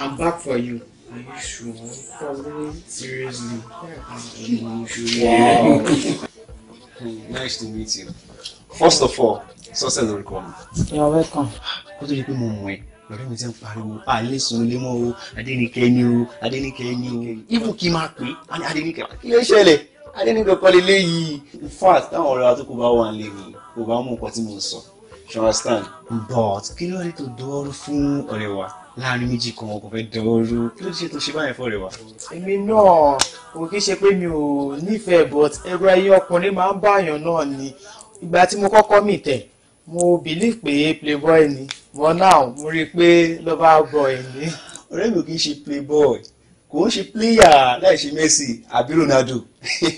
I'm back for you. Are you sure? Probably. Seriously. Yeah. Wow. nice to meet you. First of all, success will welcome. You're welcome. What tó you pé mo lọ́rẹ́ mi ti ń pariwo àìlèsùn ilé mọ́ o Adéníkẹ́ ni o Adéníkẹ́ ni o even kí n máa pè á ní kí ló ṣẹlẹ̀ Adéníkẹ́ kọ́ léyìí in táwọn ọ̀rẹ́ wa tó kò bá wà lè kò bá mú nǹkan tí mo sọ ṣe but kí ló rí tó dọ́ọ́rọ́ fún ọ̀rẹ́ wa láàrin méjì kan kò fẹ́ dọ́ọ́rọ́ kí ló ṣe tó ṣe báyìí fọ́ọ̀rẹ́ wa. èmi náà kò kí ṣe pé mi ò nífẹ̀ẹ́ but ẹ̀rọ ẹyẹ ọkùnrin but now mo rí i pé lover boy ni. ọ̀rẹ́ mi kì í ṣe playboy kò ń ṣe player láì ṣe Messi àbí Ronaldo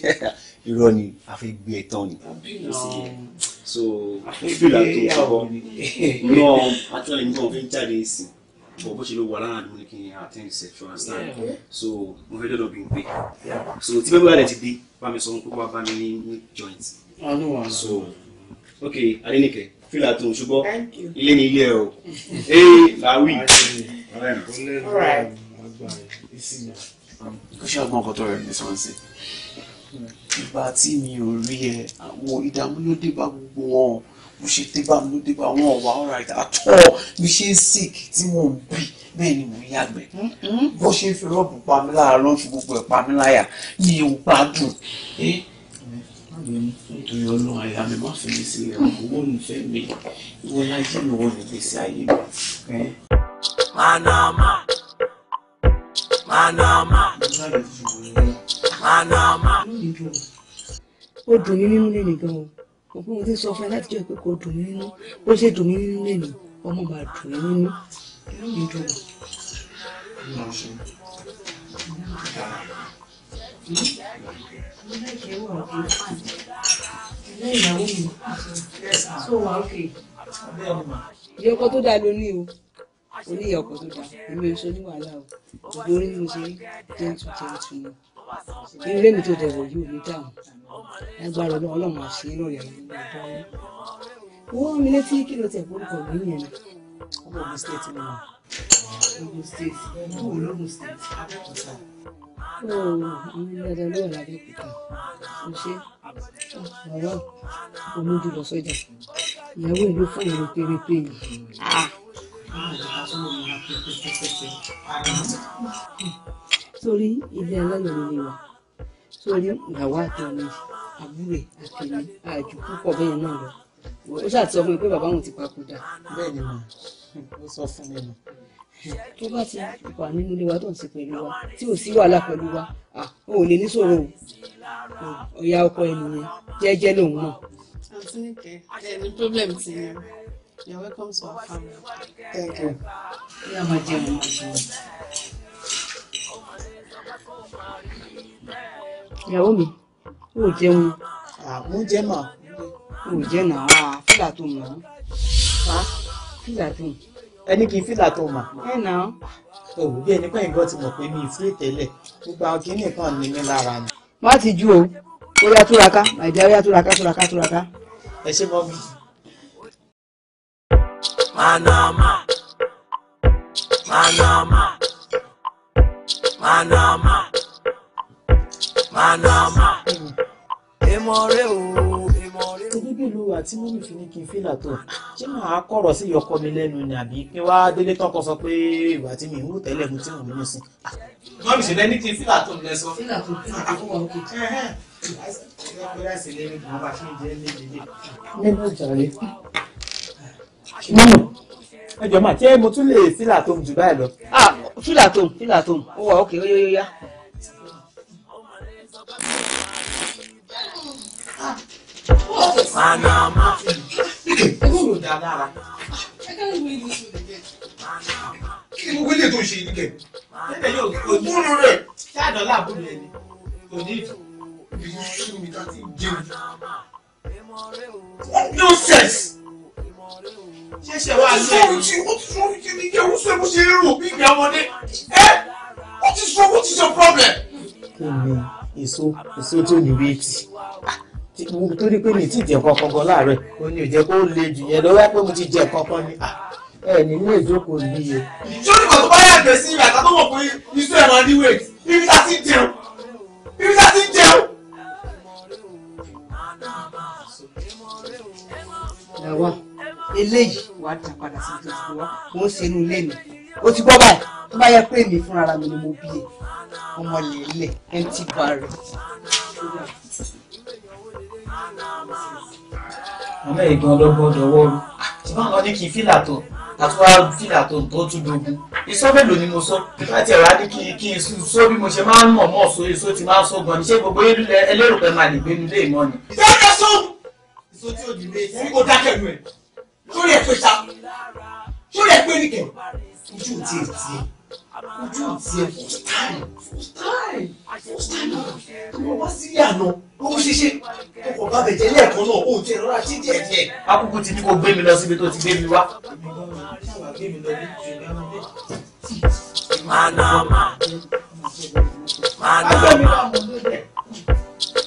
[LAUGHS] irọ́ ni a fẹ́ gbé ẹ̀ ni. so fìlà tó sọ̀rọ̀ náà actually nígbà wọn fi ń jáde sí bọ̀ bó ṣe ló wà lára ní kí n attend sexual understand so mo fẹ́ dọ́dọ̀ bí n pè so tí bẹ́ẹ̀ bá rẹ̀ ti dé bá mi sọ wọn kó wá bá mi ní joint. so ok Adenike feel at home ṣùgbọ́n ilé ni ilé o [LAUGHS] ee làwí. kò ṣe àgbọn ọkọ tó rẹ ní sọ́nsì ìgbà tí mi ò rí ẹ àwọn ìdààmú ló dé bá gbogbo wọn mo ṣe dé bá mi ló dé bá wọn ọ̀wá ọ̀rọ̀ àìdá àtọ̀ mi ṣe ń sick tí mo ń bì bẹ́ẹ̀ ni mo ń yàgbẹ́ mm-hmm. bó ṣe ń fi rọ́ọ̀bù pa mí lára ló gbogbo ẹ̀ pa mí láyà mi ò gbádùn. Eh? nítorí àyà mi má fi mi sílẹ̀ owó nífẹ̀ mi ìwọ láyé mi wọ nígbèsè ayé mi. manama manama manama. ó dùn mí nínú lẹ́nu gan-an mo pé mo ti sọ fún ẹ láti jẹ́ pé kò dùn mí nínú bó ṣe dùn mí nínú lẹ́nu ọmọ bá dùn mí nínú mi dùn. Thank you ilé so wà òkè. ìyá ọkọ tó dáa ló ní o ó ní ìyá ọkọ tó dáa èmi ò sọ ní wàhálà o gbogbo orí mi ṣe jẹ́ǹtù jẹ́ǹtù ni ilé mi tó dẹ̀wọ̀ yìí ò ní dáhùn agbára ọlọ́run ọlọ́run àṣẹ náà yàrá nígbà dáhùn. wọ́n mi létí kí ló tẹ̀ gbórúkọ mi yẹn ni. ọmọ mi state mi Ogun state. Ogun state dandan ìyàwó ìlú fún ìlú péréte ah! sórí ilé aláyọ̀ nílé wa sórí ìyàwó àtọ̀run àbúrò àtẹ̀mí àjù púpọ̀ bẹ́ẹ̀ náà lọ ó ṣàtìsọ fún mi bàbá òun ti papòdà. bẹ́ẹ̀ mo sọ fún mi nù tó bá ti wà nínú ilé wa tó ń ṣe pẹ̀lú wa tí ò sí wàhálà pẹ̀lú wa ò lè ní sọ̀rọ̀ ọ̀yà ọkọ ènìyàn jẹ́jẹ́ lòun náà. àǹtí problem ti yẹn you are welcome to our family. thank you. ní a máa jẹun máa jẹun. ìyàwó mi ò jẹun. oúnjẹ mà ò jẹ náà fúlà tó mọ̀ fúlà tó mọ̀ ẹni kì í fìlà tó mà. òwò bí ẹni pẹ́yìn gbọ́ ti mọ̀ pé mi ì fúré tẹ́lẹ̀ gbogbo àwọn kìíní kan ní mi lára ni. má ti ju o ó túraká àìdí ó túraká túraká túraká. ẹ ṣe mọ mi. manama manama manama manama èmọ̀ rẹ̀ o títí bí ìlú àti mímì fi ní kí n fìlà tó ṣé màá kọ̀rọ̀ sí ìyọkọ mi lẹ́nu ni àbí kí wá délé tọkọ sọ pé ìwà tí mi ń wù tẹ́lẹ̀ mu tí mò ń yàn sí. wọ́n mi ṣe lẹ́ni kí n fìlà tó lẹ sọ. fìlà tó tó tó wà ókè. nínú ìjàre nínú ẹjọ máa tí mo tún lè fìlà tó jù báyìí lọ. fìlà tó fìlà tó ó wà ókè ó yá ah. Panama. gbogbo ilé tó ń ṣe yìí kẹ̀? Bẹ́ẹ̀ yóò kó ní. Búrú rẹ̀. Ṣáàdọ̀ láàbù rẹ̀ ni. Kò ní ìtò. Ìlú sùn mi láti jẹun. Nonsense! Ṣéṣe wá lé. Sọ̀rọ̀ tí ó ti sọ̀rọ̀ tí mi jẹ́ oṣù ẹ̀mú ṣe é rò bí ìgbà ọmọdé. Ẹ ó ti sọ ó ti sọ problem. Kí ni èso èso tí ò ní wéètì? torí pé mi ti jẹ kankan gan láàárọ̀ o ní ò jẹ́ kó le jù yẹn lọ́wọ́ pé mo ti jẹ kankan ni ẹ ní ilé ìjókòó bí i. sórí kò bá yàgbẹ́ sí ìyàtọ̀ tó mọ̀ pé iṣu ẹ̀ máa ní wéètì ibi tá a ti jẹun ibi tá ti jẹun. ẹ eléyìí wàá dà padà sí ìjọ wa mo ń ṣe inú ilé mi ó ti gbọ́ báyìí tó bá yẹ pé èmi fúnra mi ni mo bí e ọmọ lè lẹ̀ ẹ̀ ń ti bá rẹ̀ wọn lẹ́yìn gan lọ́gbọ́n dọwọ́ rú tí wọ́n lọ ní kí fílà tó àtúwá fílà tó tó tún dogun iṣọ́ mélòó ni mo sọ láti ẹ̀rọ ní kí kí n sọ bí mo ṣe máa ń mọ̀ mọ́ so èso ti máa ń sọ gan ni ṣé gbogbo ẹlẹ́rù pẹ́ máa lè gbé nílé ìmọ̀ ni. bẹ́ẹ̀ sọ èso tí ò ní lé fún kó dákẹ́ lu ẹ̀ lórí ẹ̀ pé ta lórí ẹ̀ ojú ò tiẹ̀ tiẹ̀ ojú first time first time first time ló wá sí ìyànà ló wọ́n ṣe ṣe kókò bá bẹ̀jẹ̀ lẹ́ẹ̀kan náà ó jẹ́ rọra ṣe díẹ̀ díẹ̀. akókò ti ní kó gbé mi lọ síbi tó ti gbé mi wá. manama manama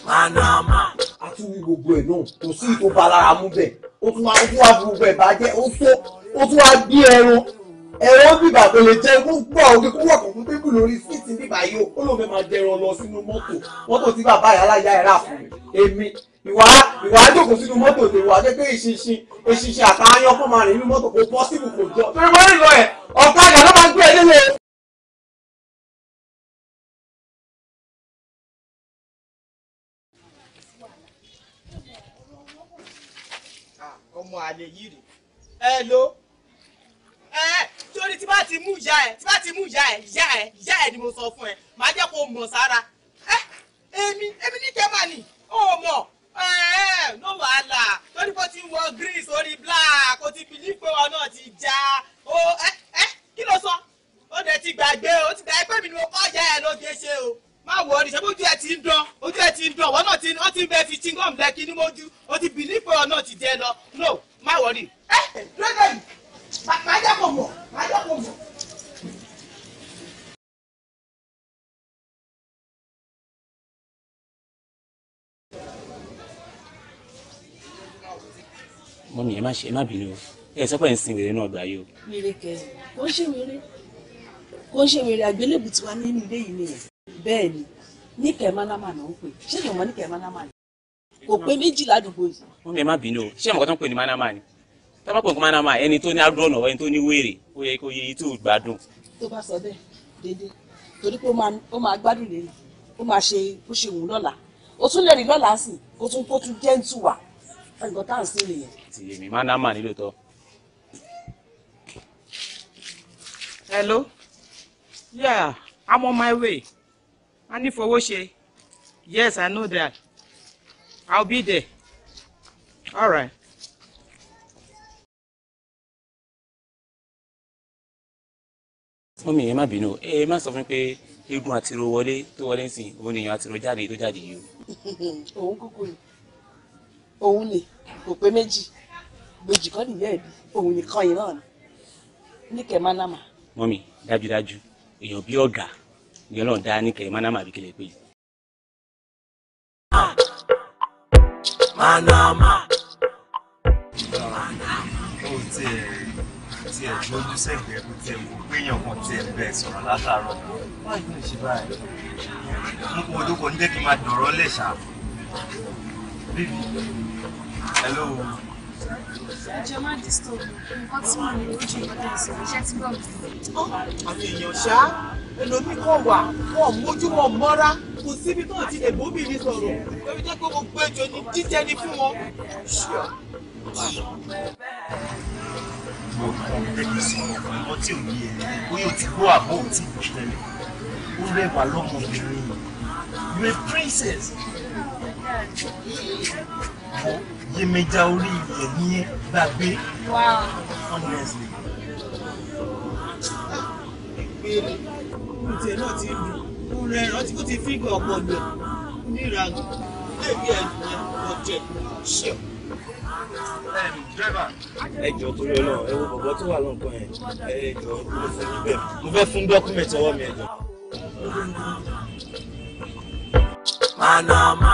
manama. a tún wí gbogbo ẹ̀ náà kò sí ìtò balára mú bẹ́ẹ̀ ó tún wá ó tún wá gbogbo ẹ̀ bàjẹ́ ó tó ó tún wá bí ẹran ẹ̀rọ bíbà tó lè jẹ́ kó gbọ́ àwọn kíkó wọ̀ kọ̀ọ̀kan pípù lórí síìtì bíbà yìí ó lóun fẹ́ máa dẹran lọ sínú mọ́tò mọ́tò tí bàbá rẹ̀ aláya ẹ̀ rà fún èmi ìwà ìwà àjòkó sínú mọ́tò lè wà jẹ́ ìṣinṣin ìṣinṣin àtàyàn kó máa rìn nínú mọ́tò kó bọ́ síbù kò jọ torí wọ́n rìn lọ ẹ̀ ọ̀kadà ló máa gbé ẹ nílé. Ah, ọmọ ẹ sórí tí bá ti mú ìyá ẹ tí bá ti mú ìyá ẹ ìyá ẹ ìyá ẹ ni mo sọ fún ẹ màá jẹ́ kó mọ̀ sára èmi èmi ní kẹ́mà ni ó mọ̀ ẹ̀ẹ́ ló wàhálà lórí kó ti wọ green sórí black kó ti bìlí pé wọn náà ti já ó ẹ kí ló sọ ó dẹ̀ ti gbàgbé o ti gbàgbé pé mi ni mo kọ́ ìyá ẹ ló gé ṣe o má wọ ní sẹ́kójú ẹ ti ń dán ojú ẹ ti ń dán wọn náà ti ó ti ń bẹ fi chingom lẹ́kí ní mójú ó ti bìlí pé wọn náà ti jẹ lọ no má wọ ní. ẹ lọ́dọ̀ yìí máa jẹ́ kò mọ̀ máa jẹ́ kò mọ̀. mọ́mí ẹ má ṣe ẹ má bínú o ẹ sọ pé ẹ ń sin wèrè náà gbàyò. wèrè kẹ kò ń ṣe wèrè kò ń ṣe wèrè àgbélébù tiwa nínú ilé yìí nìyẹn bẹ́ẹ̀ ni ní kẹ̀mánàmà náà ń pè ṣé ìyọ̀mọ́ ní kẹ̀mánàmà ni kò pé méjì ládùúgbò yìí. mọ́mí ẹ má bínú o ṣé ìmọ̀kọ́ tó ń pè ní mánámà ni tábà nǹkan máa ẹni tó ní àdúrọ̀nà ẹni tó ní wèrè ó yẹ kó yẹ yìí tó gbádùn. tó bá sọ bẹ́ẹ̀ déédéé torí pé ó máa gbádùn lè ó máa ṣe bó ṣe wù lọ́la ó tún lè rí lọ́la sí kó tún kó tún jẹ́ǹtù wà nǹkan tá à ń sí nìyẹn. ti èmi máa ń dá mà nílò tọ. hello yeah i'm on my way i need fowó ṣe yes i know that i'll be there all right. mọ́mí ẹ má bínú ẹ má sọ fún mi pé eégún àtiró wọlé tó wọlé ń sìn òun nìyẹn àtiró jáde tó jáde yìí o. [LAUGHS] òun kúkú ni òun ni kò pé méjì gbèjì kọ́ nìyẹn ẹ̀bí òun nìkan yìí náà ni níkẹ́ mánámà. mọ́mí dájúdájú èèyàn bí ọ̀gá ni ọlọ́run dá níkẹ́ mánámà bí kílẹ̀ pé. mánámà mánámà tiẹ̀ gbójú sẹ́gbẹ̀ẹ́ kó tiẹ̀ wò péyàn kan tiẹ̀ bẹ́ẹ̀ sọ̀rọ̀ látàárọ̀ báyìí ló ń ṣe báyìí mú kó odó kò ní jẹ́ kí n máa dọ̀rọ̀ lẹ̀ ṣá bíbí hello. ẹjọ má disturb nǹkan tí mo ní lójú ìpàdé ìṣòro iṣẹ́ tí gbọ́. àwọn èèyàn ṣá ẹlòmí kan wà wọn mójú wọn mọ́ra kò síbi tó ti lè bóbìnrin sọ̀rọ̀ lórí jẹ́ pé gbogbo ẹjọ́ ni jíjẹ ni fún wọn gbọ́ nǹkan lẹ́yìn sí nǹkan tí ò yé ẹ bóyá o ti gbọ́ àbọ̀ ò tí ì tẹ́lẹ̀ a princess bọ́ yémejà orí ilẹ̀ ní ẹ gbàgbé honestly. ìpele ìtẹ̀ náà ti dùn ó rẹ̀ rántí ẹjọ torí Ọlọ́run ẹ wo bọbọ tó wà lọǹkan yẹn ẹjọ mo fẹ́ níbẹ̀ mo fẹ́ fún dọkúmẹtì ọwọ́ mi ẹjọ. Manama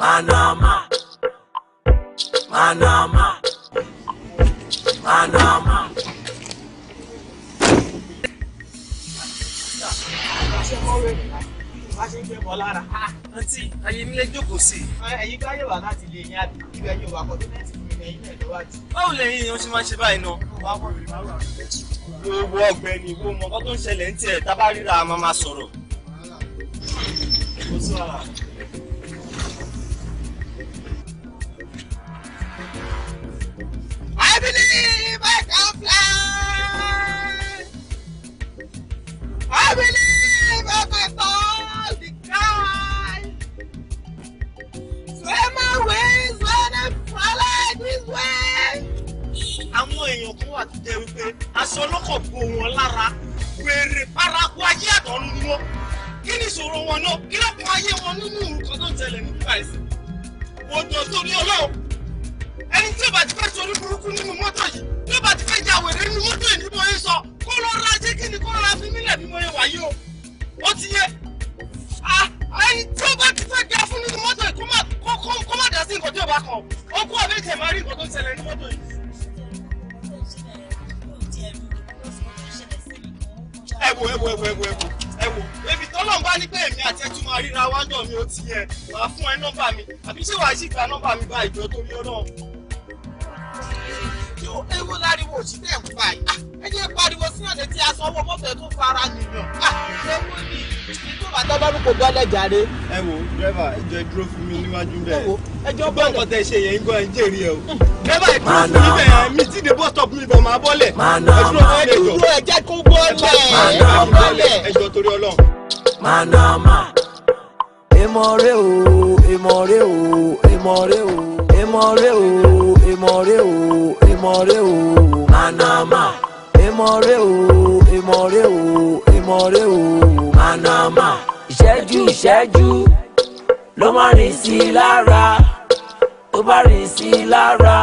Manama Manama Manama. Thank you bá ṣe ń gbẹ bọ lára. àǹtí ah, ayé nílé jókòó sí i. káyọ̀ wá láti lè ní àbí ìlú ẹ̀yìn òwà kọ́ tó mẹ́tì fún mi lẹ́yìn ẹ̀dọ́wájú. báwo lẹ́yìn ni wọ́n ṣe máa ń ṣe báyìí náà. wàá ọ̀gbẹ́ni ìwọ mọ kó tó ń ṣẹlẹ̀ ń tiẹ̀ tábà ríra a máa máa sọ̀rọ̀. I believe I can fly. I believe I can fly. èèyàn kan wà tó jẹ́ wípé aṣọ ọlọ́kọ̀ bo wọn lára wèrè paraku ayé àtọ̀ ń wọ́n kí ni ìṣòro wọn náà kí lọ́kùn ayé wọn nínú nǹkan tó ń tẹ̀lé ní báyìí òjò torí ọlọ́run ẹni tí yóò bá ti fẹ́ sori burúkú nínú mọ́tò yìí yóò bá ti fẹ́ ja wèrè nínú mọ́tò yìí níbo yẹn sọ kó lọ ra jẹ́ kí ni kó ra fi mílẹ̀ bí mo yẹ wáyé o ó ti yẹ ẹni tí yóò bá ti fẹ́ ja fún nínú mọ́tò yìí kó má dá sí nǹkan tí yóò bá kàn ó kó àbẹ́kẹ̀ má rí nǹkan tó ń ṣẹlẹ̀ ní mọ́tò yìí. ẹ̀wò ẹ̀wò ẹ̀wò ẹ̀wò ẹ̀wò ẹ̀wò èmi tọ́lọ̀ bá ní pé èmi àti ẹtú máa ríra wájọ́ mi ó ti yẹ wàá fún ẹ nọ́mbà mi àbí ṣé wàá sì gba nọ́mbà mi báyìí jọ torí ọ náà. yóò ewu láriwo òṣìṣẹ́ ń pa yìí ẹ pariwo sí ọ̀sẹ̀ tí a sọ owó mọ́tò tó fara nìyàn ewu ah, ni bá kò bọ́lẹ̀ jàre. ẹ wo dírẹ́fà ìjọ ìdúró fún mi níwájú bẹ́ẹ̀. ẹ wo ẹjọ́ bọ́ọ̀lù. bọ́ọ̀kọ̀ tẹ ṣe yẹn ń gbọ́ ẹ̀ ń ẹ o. Hmm. dírẹ́fà ìdúró fún mi bẹ́ẹ̀ mi ti dé bọ́ọ̀tọ̀ mi bọ̀ máa bọ́lẹ̀. ẹdúró ẹ dúró manama ìmọ̀re o ìmọ̀re o ìmọ̀re o ìmọ̀re o manama èmọ̀re o èmọ̀re o èmọ̀re o manama ìṣẹ́jú ìṣẹ́jú ló má rìn sí i lára tó bá rìn sí i lára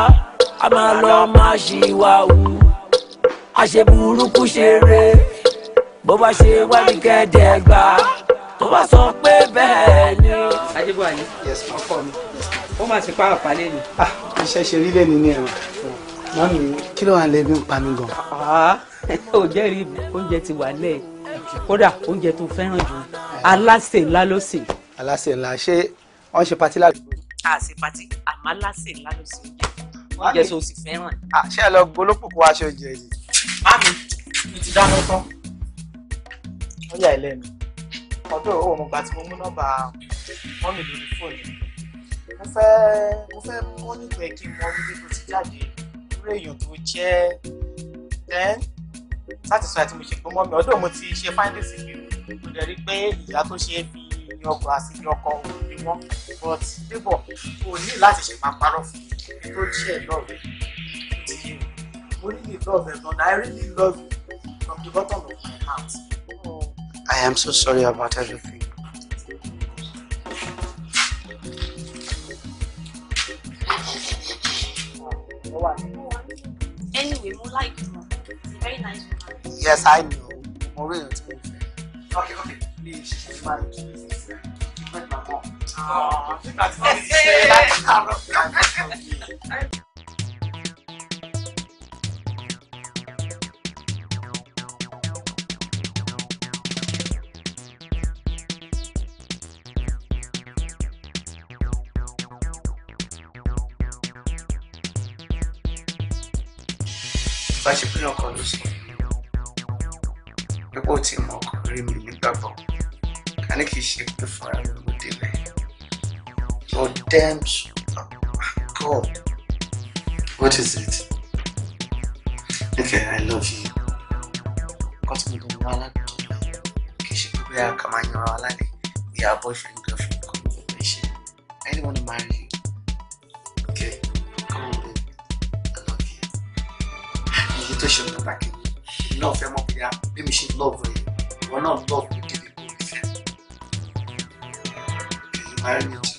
a máa lọ máa ṣìwàwù àṣeburúkú ṣeré bó bá ṣe wá ní kẹ́ẹ̀dẹ́gbà tó bá sọ pé bẹ́ẹ̀ ni. ajibọ ọkọ mi ó máa ti pa àpálẹ ni. Ah, iṣẹ́ ṣe rí lẹ́nu ní ẹ̀rọ. Mami, kí ló wà ń lẹ́bí ń pa mí gan. ò ah, [LAUGHS] jẹ́rìí oúnjẹ ti wà lẹ́ẹ̀ kódà oúnjẹ tó fẹ́ràn jù aláṣẹ ńlá ló sè. aláṣẹ ńlá ṣé wọ́n ṣe patí ládùúgbò. a ṣe patí àmọ́ aláṣẹ ńlá ló sè oúnjẹ tó sì fẹ́ràn. Ah, ṣé ẹ lọ gbólópòkó aṣọ oúnjẹ yìí. mami mi ti dáná tán ó yà ẹ́ lẹ́nu ọdún òwò mo gbà tí mo mú nọ́mbà mọ́mì lórí fóònù mo fẹ́ mo fẹ́ mọ́nítọ̀ ẹ̀ kí n mọ irú èèyàn tó jẹ́ then satisfied tí mo ṣe pé mọ́ mi ọdún mo ti ṣe finding secret mo dẹ̀ rí pé ìyá tó ṣe é fi ní ọkọ àti ní ọkọ ní wọn but bíbọ̀ o ní láti ṣe máa fún mi tó jẹ́ lọ́ọ̀rẹ́ ti yé mi mo really love ẹ̀ gan I really love you from the bottom of my heart. I am so sorry about everything. like her. She's a very nice woman. Yes, I know. Mo rí èèyàn Okay, okay. Please, she's my business. She's my mom. Oh, she's my business. [LAUGHS] relationship the Father with the man. Your terms oh, God. What is it? Okay, I love you. Got me the wallet to me. Kishi Pibia Kamanyo Alali. We are boyfriend, girlfriend, conversation. I didn't want marry you. Okay, come on, baby. I love you. You get to show me back. Love, I'm up Maybe she's love you. We're not love retirement.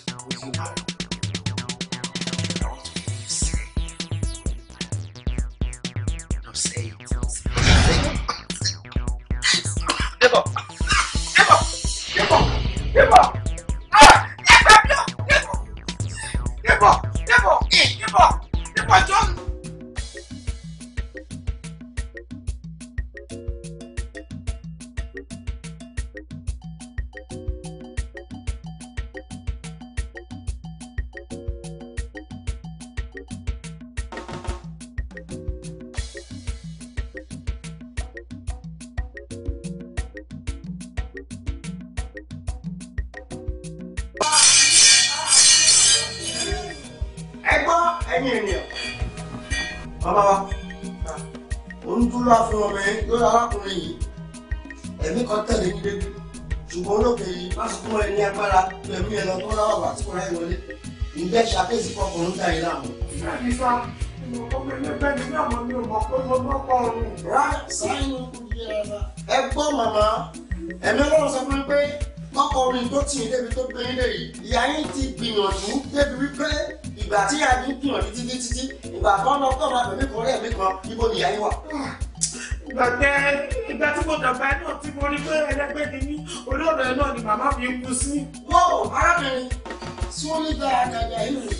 ẹ̀yin ènìyàn. bàbá wa ò ń dúró fún ọmọ yẹn lórí arákùnrin yìí ẹ̀mí kan tẹ̀lé ní débi ṣùgbọ́n olóògbé yìí má sùn fún ẹni agbára lẹ́mí ẹ̀ lọ tó láwà wà tí kò ráyè wọlé ǹjẹ́ ṣàkíyèsí kọkùnrin dá yìí láàmú. ìgbà ẹ gbọ́ màmá ẹ̀mí ọlọ́run sọ fún mi pé ọkọ̀ orin tó tì í débi tó gbẹ̀yìn lè yìí ìyá yín ti gbìyànjú débi wípé ìgbà tí ìyá yín dùn ọ̀rí títí títí ìgbà kan lọ kọ́ ọ̀rọ̀ mi kan rẹ̀ mi kan ibo nìyá yín wà. ìgbà tẹ ìgbà tí mo dàgbà náà tí mo rí pé ẹlẹgbẹdẹ ní olóòrò ẹ náà ni màmá mi kú sí. wọ́n ò arábìnrin tí ó ní gàdàgàdà yìí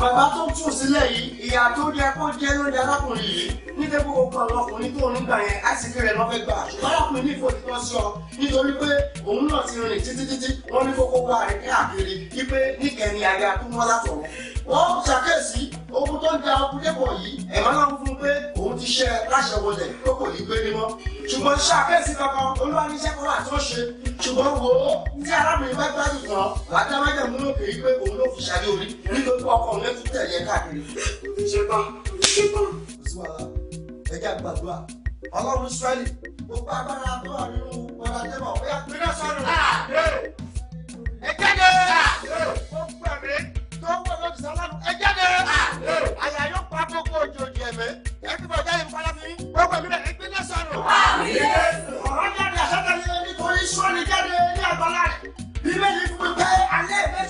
bàbá tó tún sílẹ̀ yìí ìyá tó rí ẹkọ́ jẹ́ lórí arákùnrin yìí nígbà gbogbo kan lọkùnrin tó nígbà yẹn àsìkò rẹ̀ lọ́fẹ́ gbà ṣùgbọ́n ní ìfòtítọ́ sí ọ nítorí pé òun náà ti rìn títí títí wọ́n ní kókó bá rẹ̀ káàkiri wípé níkẹ́ni àga tó wọ́n látọ̀wọ́ wọ́n ṣàkíyèsí ogun tó ń da abúlébọ̀ yìí ẹ̀mọ́ náà ń fún pé òun ti ṣe láṣẹ wọlé tó kò ní gbé ní mọ́ ṣùgbọ́n ṣàkíyèsí kankan olúwa ní iṣẹ́ kọ́lá tó ṣe ṣùgbọ́n wo tí arábìnrin bá gbádùn tán wàá dá májèmú lókè yìí pé òun ló fi ṣayé orí nítorí ọkọ mi tún tẹ̀lé káàkiri. ṣetán ṣetán. ẹ jẹ́ àgbàdua ọlọ́run israẹli gbogbo agbára tó wà nínú ọ̀la tẹ́lọ̀ ó yà pínlẹ̀ sọ́run. ẹ jáde. gbogbo ẹ̀mí àbísà ọlọ́run ẹ jáde àyà yóò pa gbogbo òjòjì ẹ̀mẹ́ ẹ fi bọ̀ jáde nípa láti gbogbo ẹ̀mí rẹ̀ ẹgbẹ́ náà sọ̀rọ̀. ọ̀rọ̀ jáde àṣàtà ni nítorí sọ́ọ̀nì jáde ní àgbàlá rẹ̀ bíbélì ní fún mi pé alẹ́